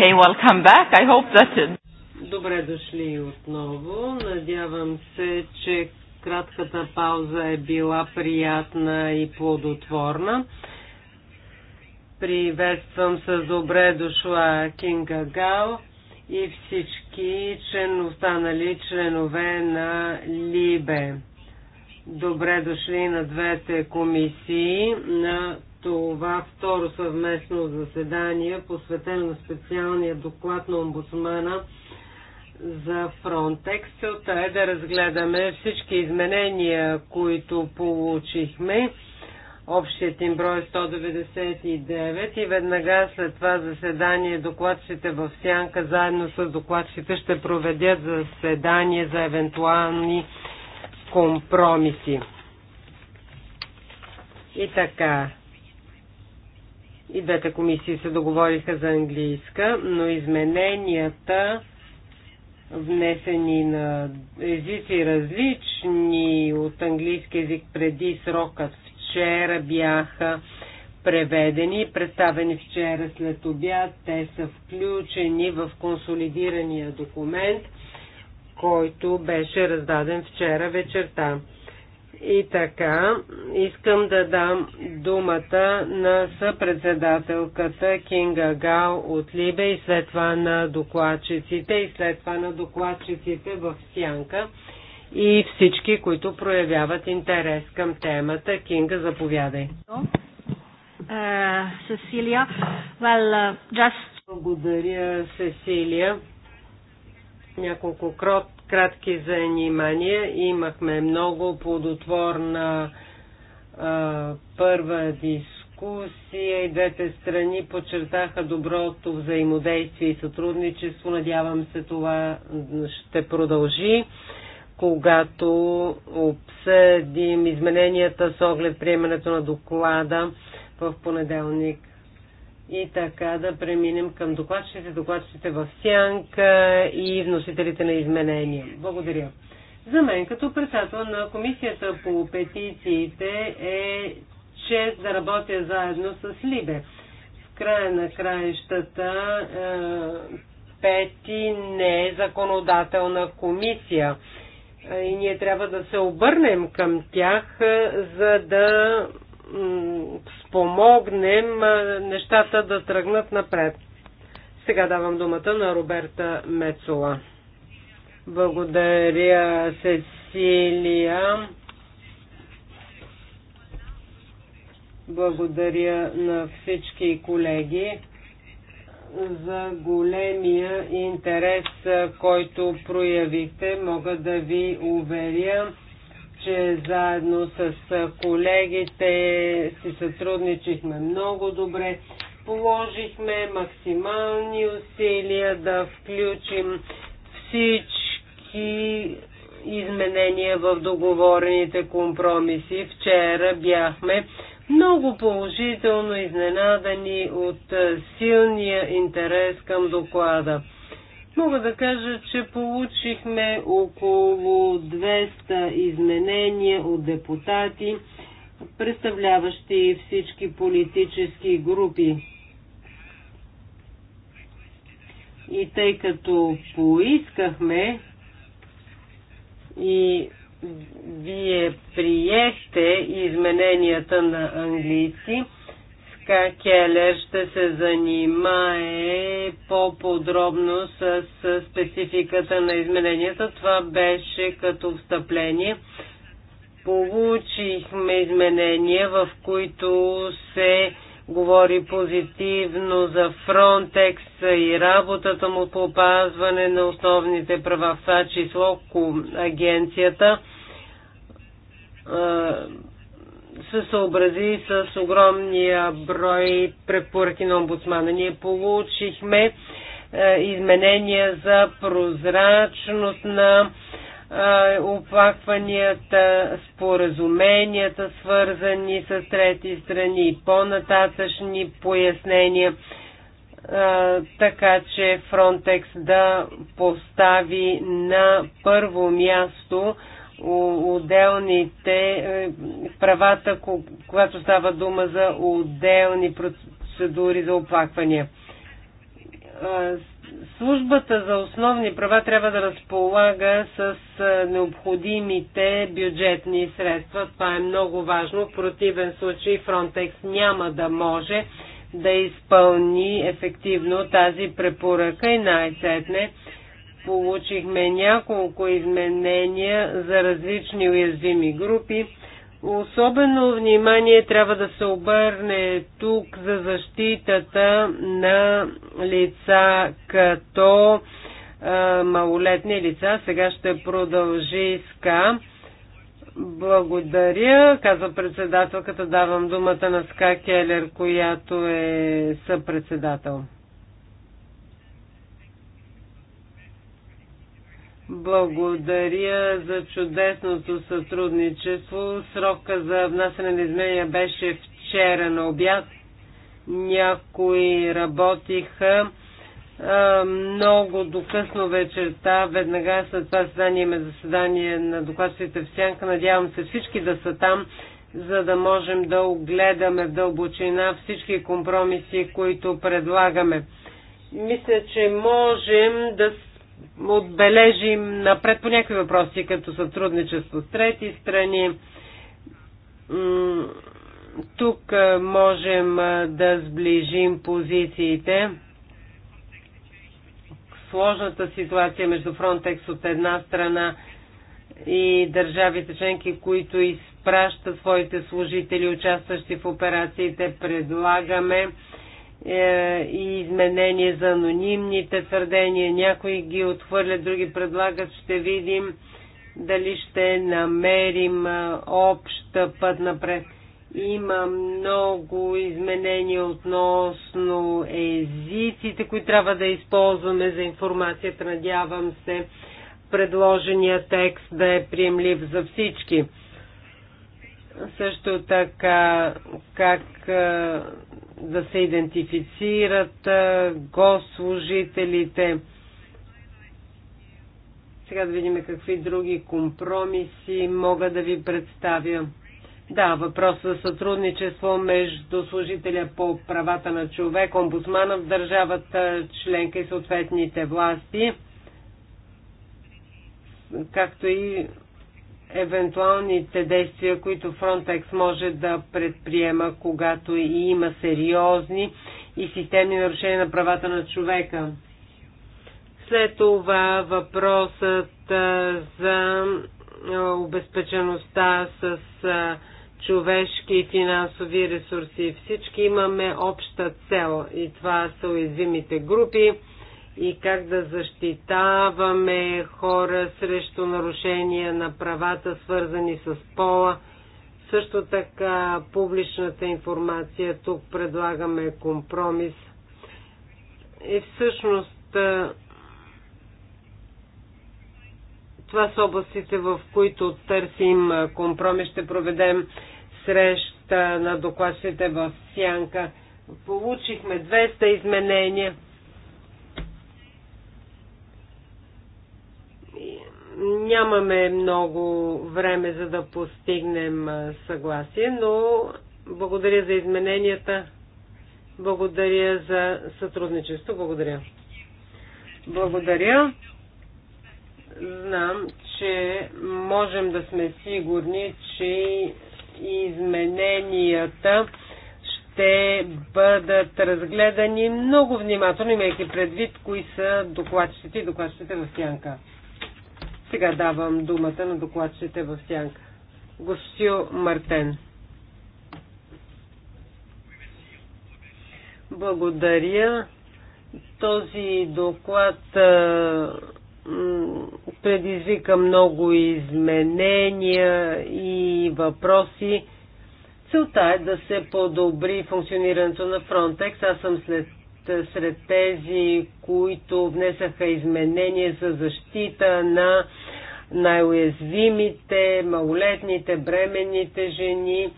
Okay, welcome back. I hope that it...
Добре дошли отново. Надявам се, че кратката пауза е била приятна и плодотворна. Приветствам с добре дошла Кинга Гал и всички член, останали членове на Либе. Добре дошли на двете комисии на това второ съвместно заседание, посветено на специалния доклад на омбудсмана за Frontex. Целта е да разгледаме всички изменения, които получихме. Общият им брой е 199 и веднага след това заседание докладчите в Сянка заедно с докладчите ще проведят заседание за евентуални компромиси. И така, и двете комисии се договориха за английска, но измененията внесени на езици различни от английски език преди срокът вчера бяха преведени и представени вчера след обяд. Те са включени в консолидирания документ, който беше раздаден вчера вечерта. И така, искам да дам думата на съпредседателката Кинга Гал от Либе и след това на докладчиците и след това на докладчиците в Сянка и всички, които проявяват интерес към темата. Кинга, заповядай. Сесилия, uh, well, uh, just... Благодаря, Сесилия. Няколко крот кратки занимания. Имахме много плодотворна а, първа дискусия и двете страни подчертаха доброто взаимодействие и сътрудничество. Надявам се това ще продължи когато обсъдим измененията с оглед приемането на доклада в понеделник и така да преминем към докладчите, докладчите в сянка и вносителите на изменения. Благодаря. За мен като председател на комисията по петициите е чест да работя заедно с Либе. В края на краищата е, пети не е законодателна комисия. Е, и ние трябва да се обърнем към тях, е, за да спомогнем нещата да тръгнат напред. Сега давам думата на Роберта Мецола. Благодаря, Сесилия. Благодаря на всички колеги за големия интерес, който проявихте. Мога да ви уверя, че заедно с колегите си сътрудничихме много добре. Положихме максимални усилия да включим всички изменения в договорените компромиси. Вчера бяхме много положително изненадани от силния интерес към доклада. Мога да кажа, че получихме около 200 изменения от депутати, представляващи всички политически групи. И тъй като поискахме и вие приехте измененията на английски, Ска Келер ще се занимае по-подробно с спецификата на измененията. Това беше като встъпление. Получихме изменения, в които се говори позитивно за Фронтекс и работата му по опазване на основните права, в това число агенцията се съобрази с огромния брой препоръки на омбудсмана. Ние получихме е, изменения за прозрачност на е, оплакванията, споразуменията, свързани с трети страни и по-нататъчни пояснения, е, така че Фронтекс да постави на първо място отделните е, правата, когато става дума за отделни процедури за оплаквания. Службата за основни права трябва да разполага с необходимите бюджетни средства. Това е много важно. В противен случай Frontex няма да може да изпълни ефективно тази препоръка и най-сетне Получихме няколко изменения за различни уязвими групи. Особено внимание трябва да се обърне тук за защитата на лица като а, малолетни лица. Сега ще продължи СКА. Благодаря, казва председателката. Давам думата на СКА Келер, която е съпредседател. Благодаря за чудесното сътрудничество. Срока за внасяне на изменения беше вчера на обяд. Някои работиха много до късно вечерта, веднага след това заседание има заседание на докладците в Сянка. Надявам се всички да са там, за да можем да огледаме в дълбочина всички компромиси, които предлагаме. Мисля, че можем да отбележим напред по някакви въпроси, като сътрудничество с трети страни. Тук можем да сближим позициите. Сложната ситуация между Фронтекс от една страна и държавите членки, които изпращат своите служители, участващи в операциите, предлагаме е, и изменение за анонимните твърдения. Някои ги отхвърлят, други предлагат. Ще видим дали ще намерим общ път напред. Има много изменения относно езиците, които трябва да използваме за информацията. Надявам се предложения текст да е приемлив за всички. Също така, как да се идентифицират госслужителите. Сега да видим какви други компромиси мога да ви представя. Да, въпрос за сътрудничество между служителя по правата на човек, омбудсмана в държавата, членка и съответните власти, както и евентуалните действия, които Frontex може да предприема, когато и има сериозни и системни нарушения на правата на човека. След това въпросът за обезпечеността с човешки и финансови ресурси. Всички имаме обща цел и това са уязвимите групи и как да защитаваме хора срещу нарушения на правата, свързани с пола. Също така публичната информация, тук предлагаме компромис. И всъщност това са областите, в които търсим компромис. Ще проведем среща на докладчите в Сянка. Получихме 200 изменения. Нямаме много време за да постигнем съгласие, но благодаря за измененията. Благодаря за сътрудничество. Благодаря. Благодаря. Знам, че можем да сме сигурни, че измененията ще бъдат разгледани много внимателно, имайки предвид кои са докладчиците и докладчиците в сянка. Сега давам думата на докладчите в сянка. Госсио Мартен. Благодаря. Този доклад а, предизвика много изменения и въпроси. Целта е да се подобри функционирането на Frontex. Аз съм след е, сред тези, които внесаха изменения за защита на най-уязвимите, малолетните, бременните жени.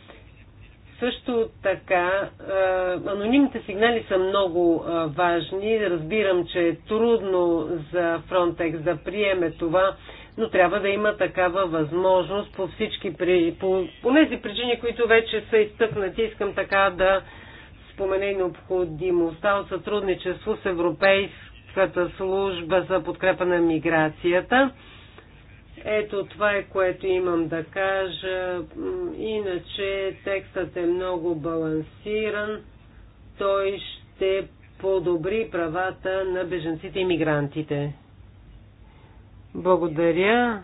Също така, е, анонимните сигнали са много е, важни. Разбирам, че е трудно за Frontex да приеме това, но трябва да има такава възможност по всички, по тези причини, които вече са изтъкнати. Искам така да спомене необходимостта от сътрудничество с Европейската служба за подкрепа на миграцията. Ето това е което имам да кажа. Иначе текстът е много балансиран. Той ще подобри правата на беженците и мигрантите. Благодаря.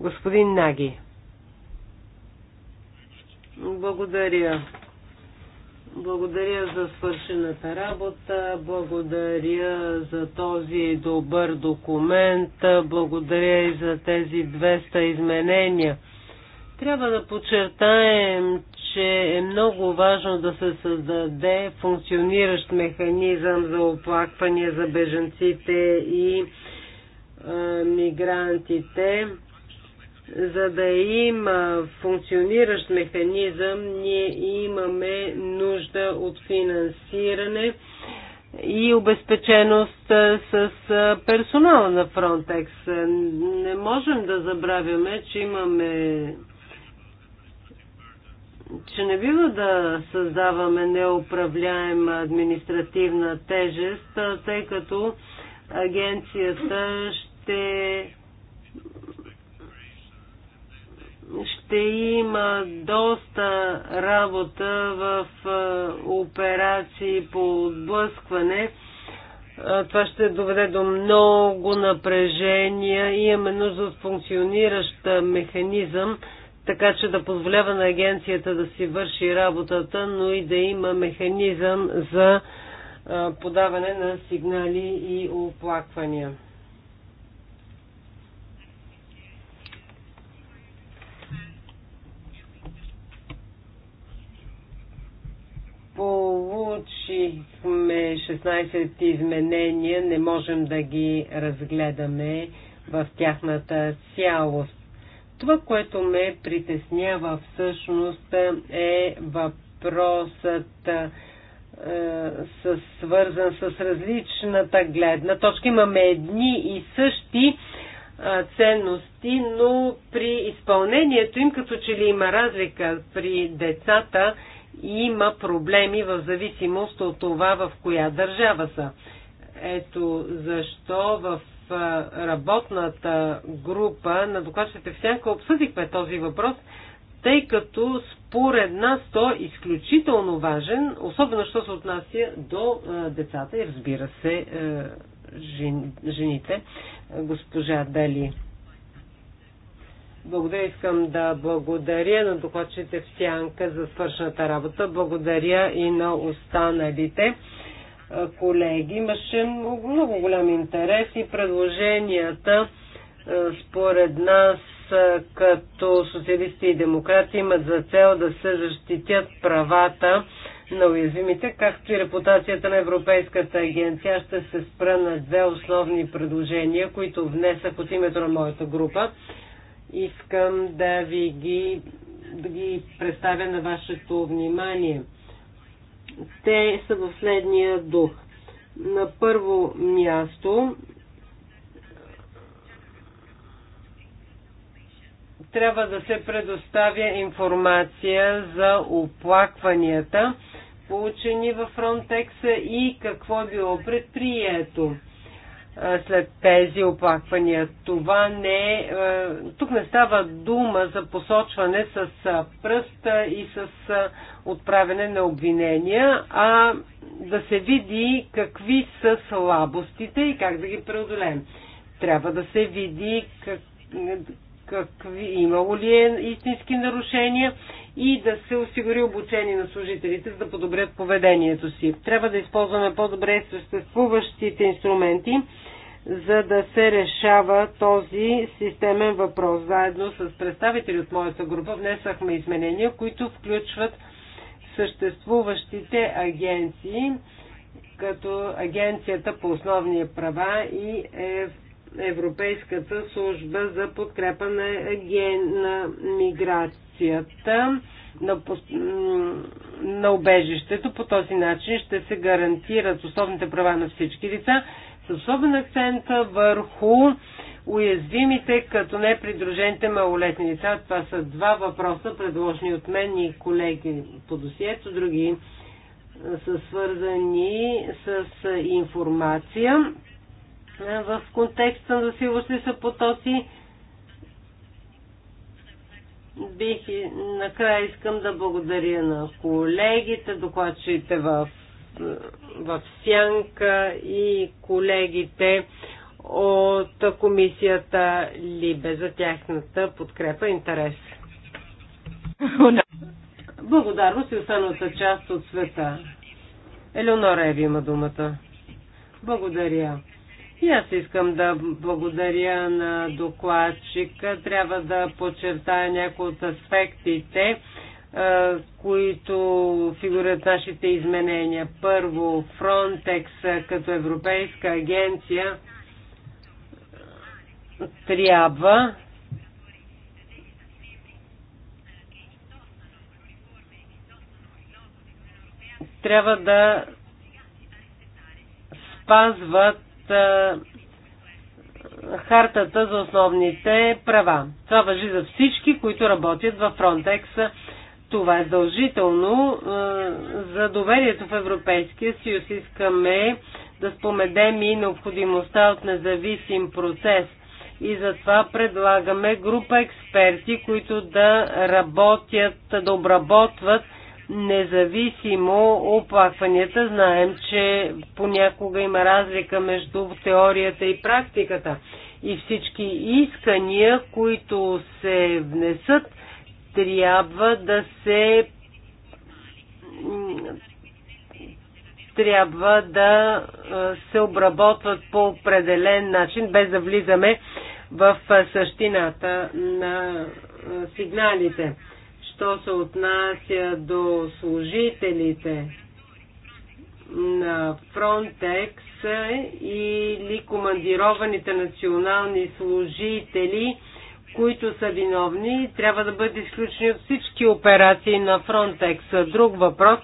Господин Наги. Благодаря. Благодаря за свършената работа, благодаря за този добър документ, благодаря и за тези 200 изменения. Трябва да подчертаем, че е много важно да се създаде функциониращ механизъм за оплакване за беженците и мигрантите. За да има функциониращ механизъм, ние имаме нужда от финансиране и обезпеченост с персонала на Frontex. Не можем да забравяме, че имаме че не бива да създаваме неуправляема административна тежест, тъй като агенцията ще ще има доста работа в е, операции по отблъскване. Е, това ще доведе до много напрежения и имаме нужда от функциониращ механизъм, така че да позволява на агенцията да си върши работата, но и да има механизъм за е, подаване на сигнали и оплаквания. Получихме 16 изменения, не можем да ги разгледаме в тяхната цялост. Това, което ме притеснява всъщност е въпросът е, с, свързан с различната гледна точка. Имаме едни и същи е, ценности, но при изпълнението им като че ли има разлика при децата има проблеми в зависимост от това в коя държава са. Ето защо в работната група на докладчите в Сянка обсъдихме този въпрос, тъй като според нас той е изключително важен, особено що се отнася до децата и разбира се жените, госпожа Дали. Благодаря, искам да благодаря на докладчите в Сянка за свършната работа. Благодаря и на останалите колеги. Имаше много, много голям интерес и предложенията според нас като социалисти и демократи имат за цел да се защитят правата на уязвимите, както и репутацията на Европейската агенция. Ще се спра на две основни предложения, които внесах от името на моята група. Искам да ви ги, да ги представя на вашето внимание. Те са в следния дух. На първо място трябва да се предоставя информация за оплакванията, получени в Фронтекса и какво е било предприето след тези оплаквания. Това не е. Тук не става дума за посочване с пръста и с отправяне на обвинения, а да се види какви са слабостите и как да ги преодолеем. Трябва да се види как, какви, имало ли е истински нарушения и да се осигури обучение на служителите, за да подобрят поведението си. Трябва да използваме по-добре съществуващите инструменти за да се решава този системен въпрос. Заедно с представители от моята група внесахме изменения, които включват съществуващите агенции, като Агенцията по основни права и Европейската служба за подкрепа на, на миграцията на, на убежището. По този начин ще се гарантират основните права на всички лица с особен акцент върху уязвимите като непридружените малолетни лица. Това са два въпроса, предложени от мен и колеги по досието. Други са свързани с информация в контекста на засилващи са потоци. Бих и накрая искам да благодаря на колегите, докладчите в в Сянка и колегите от комисията Либе за тяхната подкрепа и интерес. Благодарност и останалата част от света. Елеонора Еви има думата. Благодаря. И аз искам да благодаря на докладчика. Трябва да подчертая някои от аспектите които фигурят нашите изменения. Първо, Frontex като европейска агенция трябва трябва да спазват хартата за основните права. Това въжи за всички, които работят във Frontex това е дължително е, за доверието в Европейския съюз. Искаме да спомедем и необходимостта от независим процес. И затова предлагаме група експерти, които да работят, да обработват независимо оплакванията. Знаем, че понякога има разлика между теорията и практиката. И всички искания, които се внесат, трябва да се трябва да се обработват по определен начин, без да влизаме в същината на сигналите. Що се отнася до служителите на Frontex или командированите национални служители, които са виновни, трябва да бъдат изключени от всички операции на Frontex. Друг въпрос,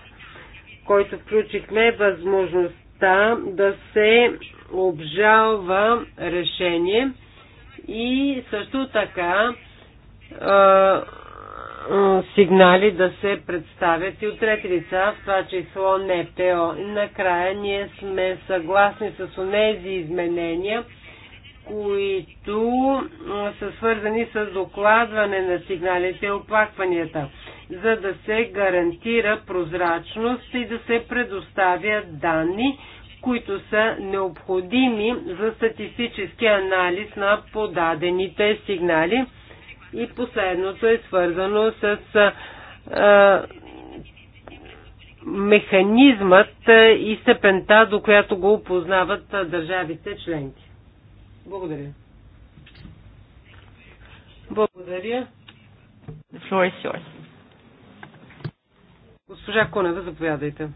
който включихме е възможността да се обжалва решение и също така сигнали да се представят и от трети лица, в това число НПО. И накрая ние сме съгласни с тези изменения, които са свързани с докладване на сигналите и оплакванията, за да се гарантира прозрачност и да се предоставят данни, които са необходими за статистически анализ на подадените сигнали. И последното е свързано с а, механизмът и степента, до която го опознават държавите членки. Благодаря. Благодаря.
The floor is yours.
Госпожа Конева, заповядайте.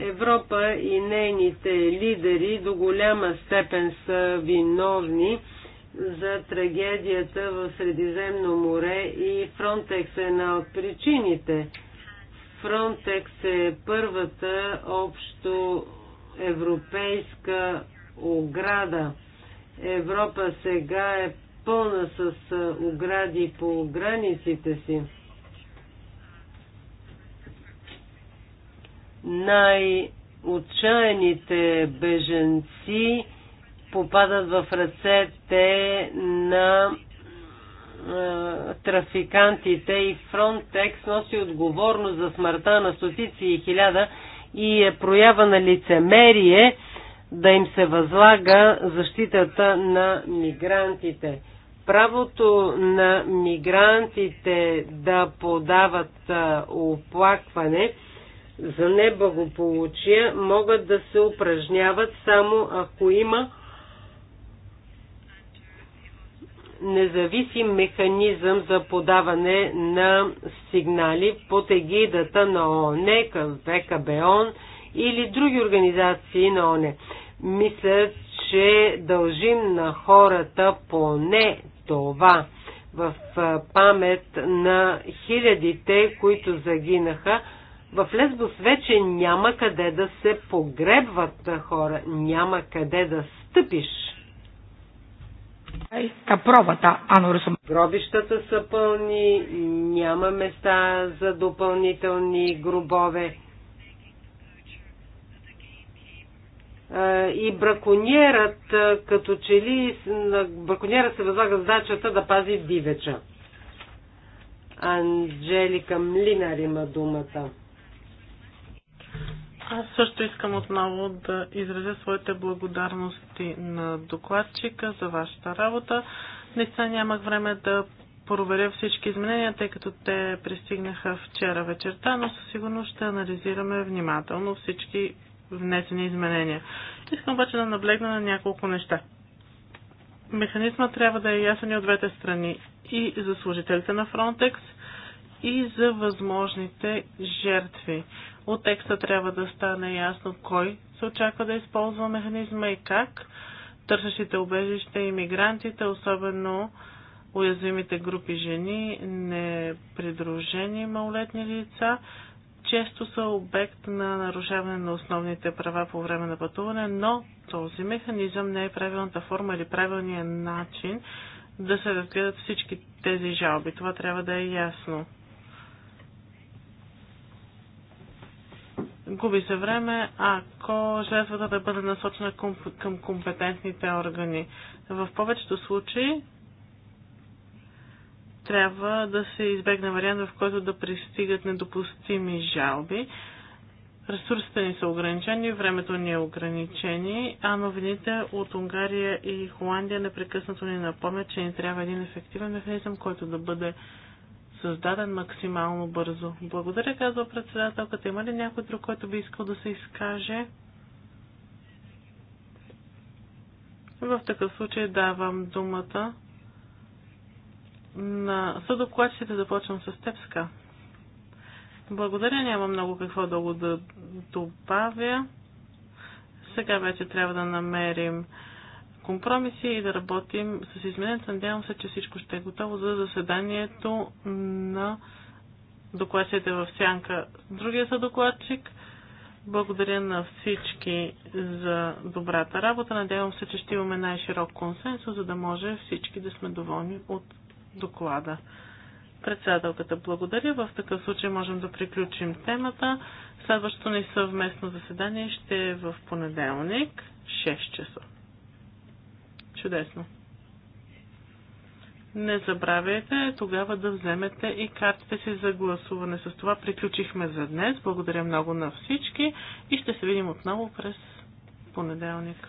Европа и нейните лидери до голяма степен са виновни за трагедията в Средиземно море и Фронтекс е една от причините. Фронтекс е първата общо европейска ограда. Европа сега е пълна с огради по границите си. най-отчаяните беженци попадат в ръцете на трафикантите и Фронтекс носи отговорност за смъртта на стотици и хиляда и е проява на лицемерие да им се възлага защитата на мигрантите. Правото на мигрантите да подават оплакване – за неблагополучие могат да се упражняват само ако има независим механизъм за подаване на сигнали под егидата на ООН, ВКБОН или други организации на ООН. Мисля, че дължим на хората поне това в памет на хилядите, които загинаха в Лесбос вече няма къде да се погребват хора, няма къде да стъпиш. Гробищата са пълни, няма места за допълнителни гробове. И браконьерът, като че ли браконьерът се възлага задачата да пази дивеча.
Анджелика
Млинар има думата.
Аз също искам отново да изразя своите благодарности на докладчика за вашата работа. Наистина нямах време да проверя всички изменения, тъй като те пристигнаха вчера вечерта, но със сигурност ще анализираме внимателно всички внесени изменения. Искам обаче да наблегна на няколко неща. Механизма трябва да е ясен и от двете страни. И за служителите на Frontex, и за възможните жертви. От текста трябва да стане ясно кой се очаква да използва механизма и как търсещите убежище и мигрантите, особено уязвимите групи жени, непридружени малолетни лица, често са обект на нарушаване на основните права по време на пътуване, но този механизъм не е правилната форма или правилният начин да се разгледат всички тези жалби. Това трябва да е ясно. Губи се време, ако жертвата да бъде насочена към компетентните органи. В повечето случаи трябва да се избегне вариант, в който да пристигат недопустими жалби. Ресурсите ни са ограничени, времето ни е ограничени, а новините от Унгария и Холандия непрекъснато ни напомнят, че ни трябва един ефективен механизъм, който да бъде създаден максимално бързо. Благодаря, казва председателката. Има ли някой друг, който би искал да се изкаже? В такъв случай давам думата на съдокладчите. Започвам с Тепска. Благодаря, няма много какво дълго да добавя. Сега вече трябва да намерим компромиси и да работим с измененията. Надявам се, че всичко ще е готово за заседанието на докладчите в сянка. Другия са докладчик. Благодаря на всички за добрата работа. Надявам се, че ще имаме най-широк консенсус, за да може всички да сме доволни от доклада. Председателката благодаря. В такъв случай можем да приключим темата. Следващото ни съвместно заседание ще е в понеделник, 6 часа. Чудесно. Не забравяйте тогава да вземете и картите си за гласуване. С това приключихме за днес. Благодаря много на всички и ще се видим отново през понеделник.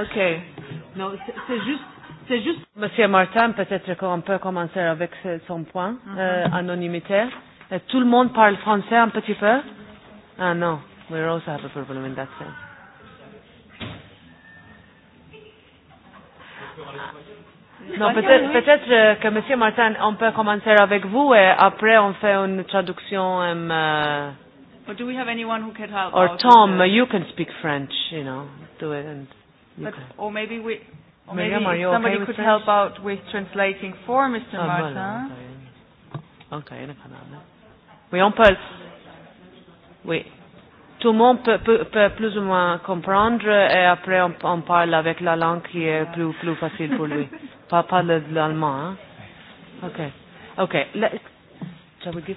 Ok.
Non, c'est juste. C'est juste. Monsieur Martin, peut-être qu'on peut commencer avec son point, mm -hmm. euh, anonymité. Et tout le monde parle français un petit peu Ah non, we also have a problem in that sense.
Non, peut-être peut, peut que Monsieur
Martin, on peut commencer avec vous et après on fait une traduction. Um, uh,
But do we have anyone who can help? Or Tom, you
can speak French, you know, do it. And But,
or maybe we, or maybe Miriam, somebody okay could French? help out with translating for Mr. Oh, Martin.
Voilà,
okay, no problème.
Oui, on peut. Oui. Tout le monde peut, peut, peut plus ou moins comprendre et après on, on parle avec la langue qui est plus, plus facile pour lui. pas, pas l'allemand, hein? Ok. Ok. Let, shall we give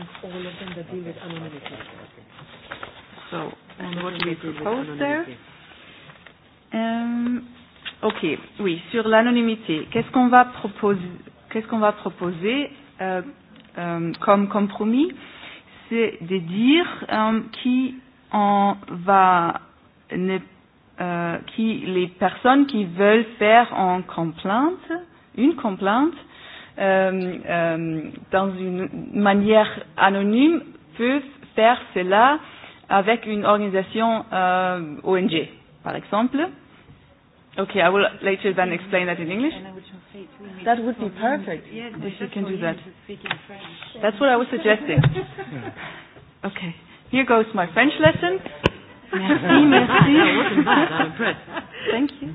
questions, all of them that deal with anonymity. So, and what do we propose there? Um, ok, oui, sur l'anonymité, qu'est-ce qu'on va proposer, qu'est-ce qu'on va proposer euh, euh, comme compromis C'est de dire euh, qui on va ne, euh, qui les personnes qui veulent faire une complainte, une complainte, euh, euh, dans une manière anonyme peuvent faire cela avec une organisation euh, ONG, par exemple. Okay, I will later then explain that in English. That would be perfect if you can do that.
That's what I was suggesting.
Okay, here goes my French lesson. Merci, merci. Thank you.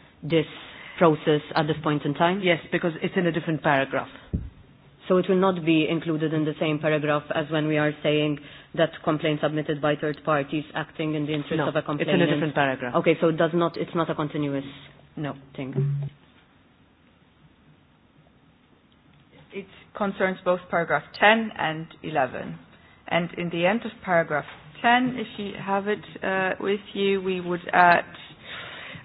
this process at this point in time? Yes, because it's in a different paragraph. So it will not be included in the same paragraph as when we are saying that complaints submitted by third parties acting in the interest no, of a complainant. it's in a different paragraph. Okay, so it does not, it's not a continuous no. thing.
It concerns both paragraph 10 and 11. And in the end of paragraph 10, if you have it uh, with you, we would add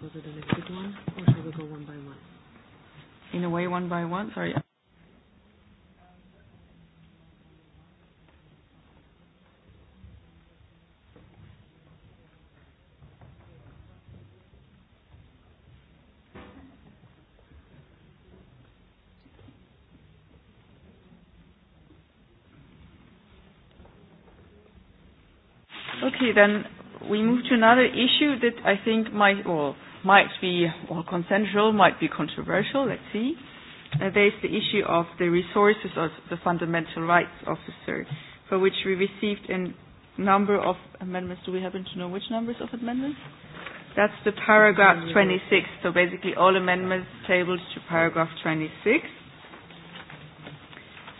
go to the next one, or should we go one by one?
In a way, one by one? Sorry. Okay, then we move to another issue that I think might, well, might be well, consensual, might be controversial, let's see. Uh, there's the issue of the resources of the fundamental rights officer, for which we received a number of amendments. Do we happen to know which numbers of amendments? That's the paragraph 26. So basically all amendments tabled to paragraph 26.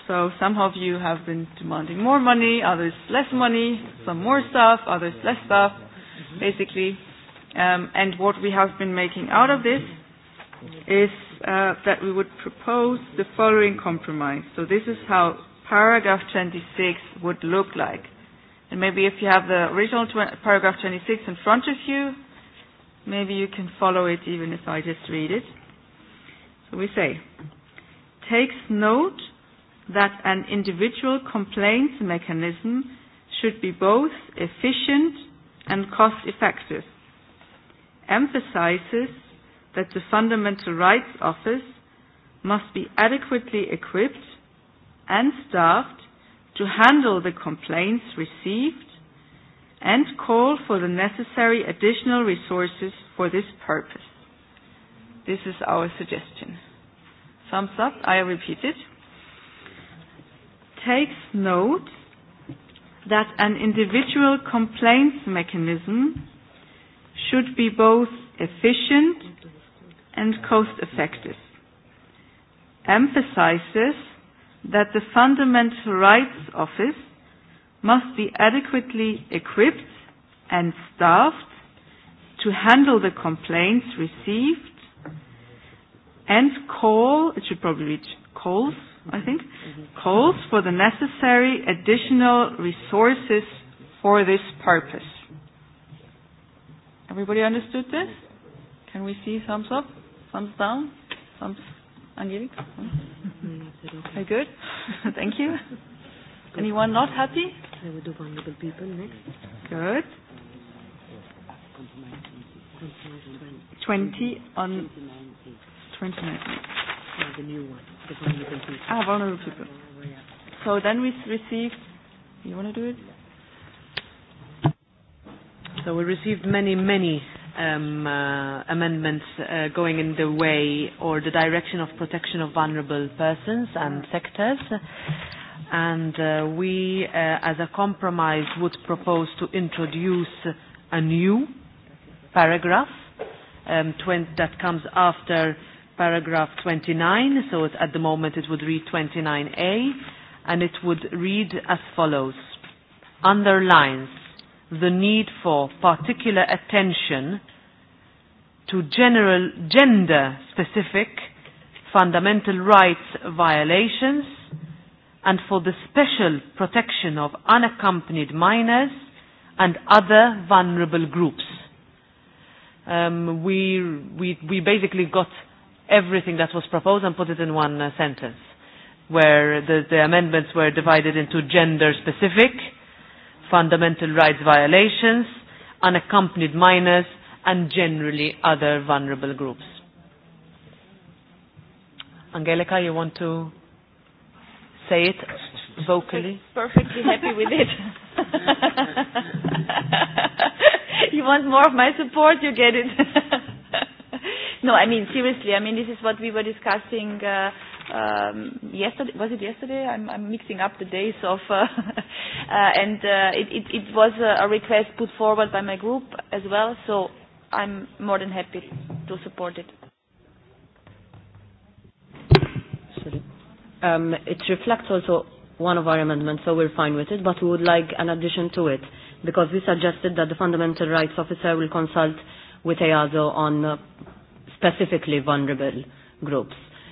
So some of you have been demanding more money, others less money, some more stuff, others less stuff. Basically, Um, and what we have been making out of this is uh, that we would propose the following compromise. So this is how paragraph 26 would look like. And maybe if you have the original tw- paragraph 26 in front of you, maybe you can follow it even if I just read it. So we say, takes note that an individual complaints mechanism should be both efficient and cost effective emphasizes that the Fundamental Rights Office must be adequately equipped and staffed to handle the complaints received and call for the necessary additional resources for this purpose. This is our suggestion. Thumbs up, I repeat it. Takes note that an individual complaints mechanism should be both efficient and cost effective. Emphasizes that the Fundamental Rights Office must be adequately equipped and staffed to handle the complaints received and call, it should probably reach calls, I think, calls for the necessary additional resources for this purpose. Everybody understood this? Can we see thumbs up, thumbs down, thumbs? Angelique? Okay, good. Thank you. Anyone not happy?
I would do vulnerable people next. Good. 20 on 29. The new one, the vulnerable people. Ah, vulnerable people.
So then we received. You want to do it? So we received
many, many um, uh, amendments uh, going in the way or the direction of protection of vulnerable persons and sectors. And uh, we, uh, as a compromise, would propose to introduce a new paragraph um, tw that comes after paragraph 29. So it, at the moment it would read 29A, and it would read as follows: underlines the need for particular attention to general gender-specific fundamental rights violations and for the special protection of unaccompanied minors and other vulnerable groups. Um, we, we, we basically got everything that was proposed and put it in one uh, sentence, where the, the amendments were divided into gender-specific, fundamental rights violations, unaccompanied minors, and generally other vulnerable groups. Angelica, you want to say it vocally?
Perfectly happy with it. you want more of my support, you get it. no, I mean, seriously, I mean, this is what we were discussing. Uh, um, yesterday was it yesterday? I'm, I'm mixing up the days of, uh, uh, and uh, it, it, it was a request put forward by my group as well. So I'm more than happy to support it.
Sorry.
Um, it reflects also one of our amendments, so we're fine with it, but we would like an addition to it because we suggested that the Fundamental Rights Officer will consult with EASO on uh, specifically vulnerable groups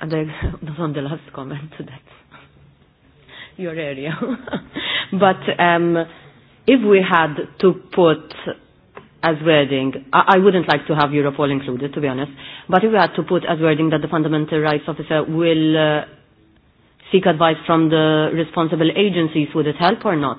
And I was on the last comment to that. Your area. but um, if we had to put as wording, I, I wouldn't like to have Europol included, to be honest, but if we had to put as wording that the fundamental rights officer will uh, seek advice from the responsible agencies, would it help or not?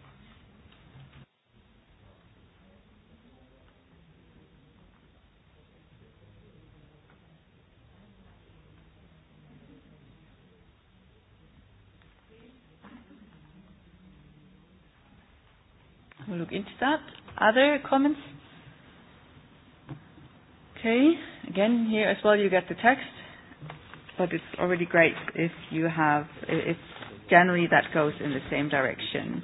We'll look into that. Other comments? Okay. Again, here as well, you get the text, but it's already great if you have, it's generally that goes in the same direction.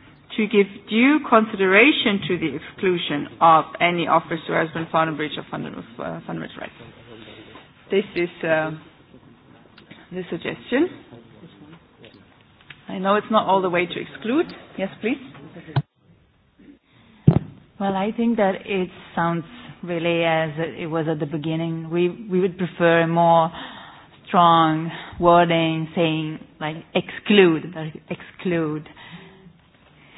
to give due consideration to the exclusion of any offers who has been found in breach of fundamental rights. This is uh, the suggestion. I know it's not all the way to exclude. Yes,
please. Well, I think that it sounds really as it was at the beginning. We we would prefer a more strong wording saying like exclude, exclude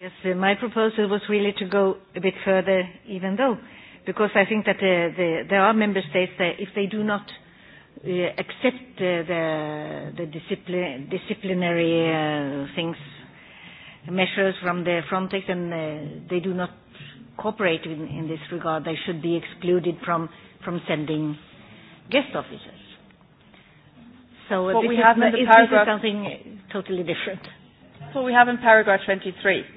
Yes, my proposal was really to go a bit further, even though, because I think that the, the, there are member states that if they do not uh, accept uh, the, the discipline, disciplinary uh, things, measures from the Frontex, and uh, they do not cooperate in, in this regard, they should be excluded from, from sending guest officers.
So what this we is, have in the is, this is
something totally different.
That's what we have in paragraph 23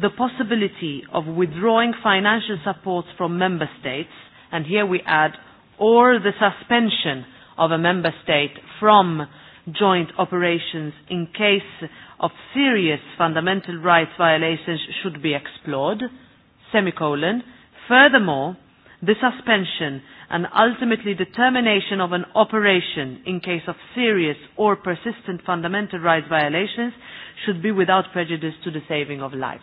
the possibility of withdrawing financial support from member states, and here we add, or the suspension of a member state from joint operations in case of serious fundamental rights violations should be explored, semicolon. Furthermore, the suspension and ultimately the termination of an operation in case of serious or persistent fundamental rights violations should be without prejudice to the saving of lives.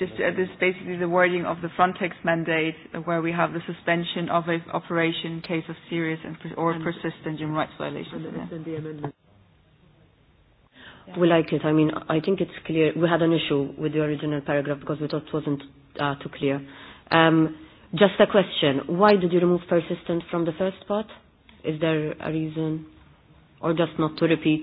just uh, this basically the wording of the Frontex mandate, uh, where we have the suspension of an operation in case of serious and or and persistent human rights violations. And, yeah. and
the amendment.
We like it. I mean, I think it's clear. We had an issue with the original paragraph because we thought it wasn't uh, too clear. Um, just a question. Why did you remove persistent from the first part? Is there a reason? Or just not to repeat?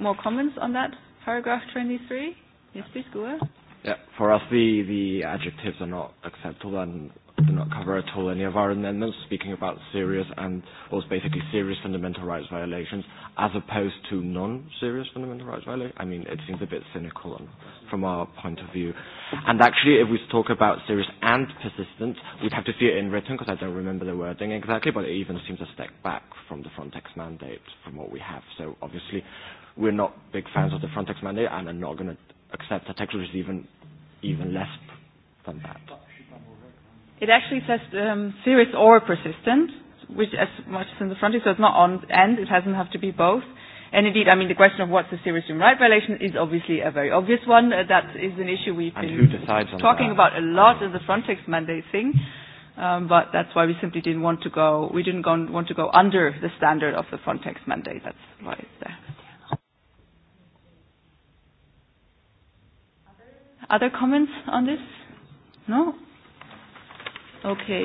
more comments on that paragraph 23? Yes, please, Gua.
Yeah, for us, the, the adjectives are not acceptable and do not cover at all any of our amendments speaking about serious and, or basically serious fundamental rights violations as opposed to non-serious fundamental rights violations. I mean, it seems a bit cynical on, from our point of view. And actually, if we talk about serious and persistent, we'd have to see it in written because I don't remember the wording exactly, but it even seems a step back from the Frontex mandate from what we have. So obviously, we're not big fans of the Frontex mandate and are not going to accept a tax which is even, even less than that.
It actually says um, serious or persistent, which as much as in the Frontex, so it's not on end. it doesn't have to be both. And indeed, I mean, the question of what's a serious human rights violation is obviously a very obvious one. Uh, that is an issue we've and been talking that? about a lot in the Frontex mandate thing. Um, but that's why we simply didn't want to go. We didn't go, want to go under the standard of the Frontex mandate. That's why it's there. Other comments on this? No? Okay.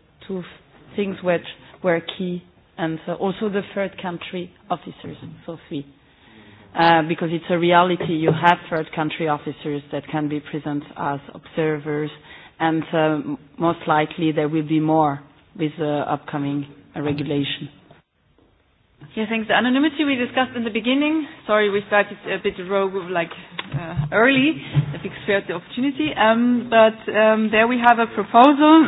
two things which were key, and so also the third country officers, so three. Uh, because it's a reality, you have third country officers that can be present as observers, and uh, most likely there will be more with the upcoming uh, regulation.
Yeah, thanks. The anonymity we discussed in the beginning. Sorry, we started a bit rogue, like uh, early, because we had the opportunity. Um, but um, there we have a proposal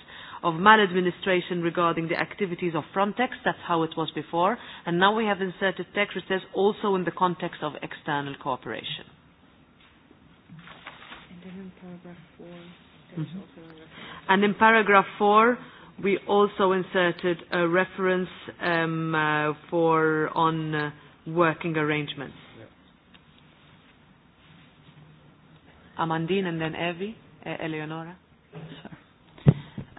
of maladministration regarding the activities of Frontex. That's how it was before. And now we have inserted text which says also in the context of external cooperation.
And then in paragraph four, mm-hmm. also
a And in paragraph four, we also inserted a reference um, uh, for on uh, working arrangements.
Amandine and then Evie, uh, Eleonora. Sorry.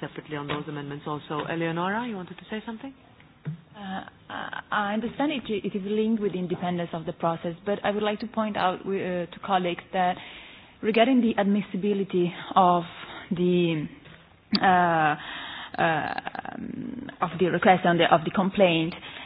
separately on those amendments also. Eleonora, you wanted to say something?
Uh, I understand it, it is linked with the independence of the process, but I would like to point out uh, to colleagues that regarding the admissibility of the uh, uh, of the request and the, of the complaint, uh,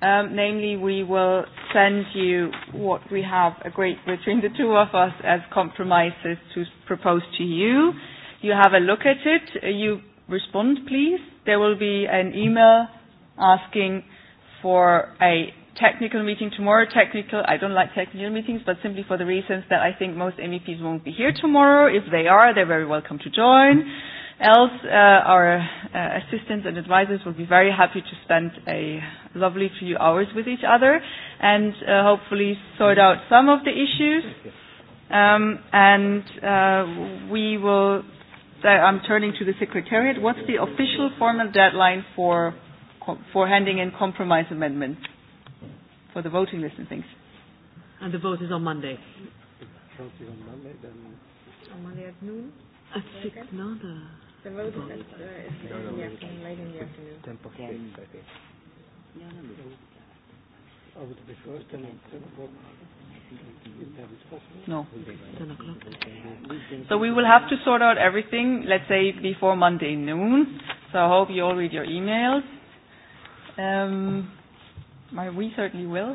Um, namely, we will send you what we have agreed between the two of us as compromises to propose to you. You have a look at it. You respond, please. There will be an email asking for a technical meeting tomorrow. Technical, I don't like technical meetings, but simply for the reasons that I think most MEPs won't be here tomorrow. If they are, they're very welcome to join. Else, uh, our uh, assistants and advisors will be very happy to spend a lovely few hours with each other and uh, hopefully sort out some of the issues. Um, and uh, we will. I'm turning to the secretariat. What's the official formal deadline for for handing in compromise amendments? for the voting list and things. And the vote is on Monday.
Vote is on Monday, then. On Monday at noon. At six, no. The, the vote is in the afternoon, late in the afternoon. Ten past No, ten o'clock. No. So we will have
to sort out everything, let's say before Monday noon. So I hope you all read your emails. Um, My, we certainly will.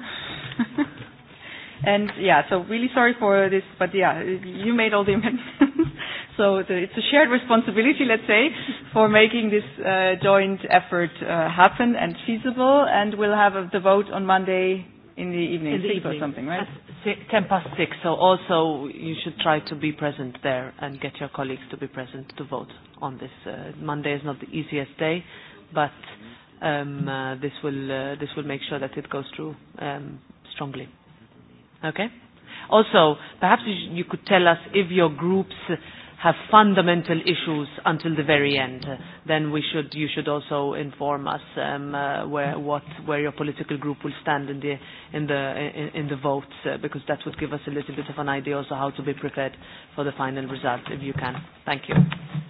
and yeah, so really sorry for this, but yeah, you made all the amendments. so it's a, it's a shared responsibility, let's say, for making this uh, joint effort uh, happen and feasible. And we'll have a, the vote on Monday in the evening, in the evening. or something, right? At ten past six. So also you should
try to be present there and get your colleagues to be present to vote on this. Uh, Monday is not the easiest day, but um, uh, this will uh, this will make sure that it goes through um, strongly. Okay. Also, perhaps you, you could tell us if your groups have fundamental issues until the very end, then we should you should also inform us um, uh, where what where your political group will stand in the in the in, in the votes uh, because that would give us a little bit of an idea also how to be prepared for the final result if you can. Thank you.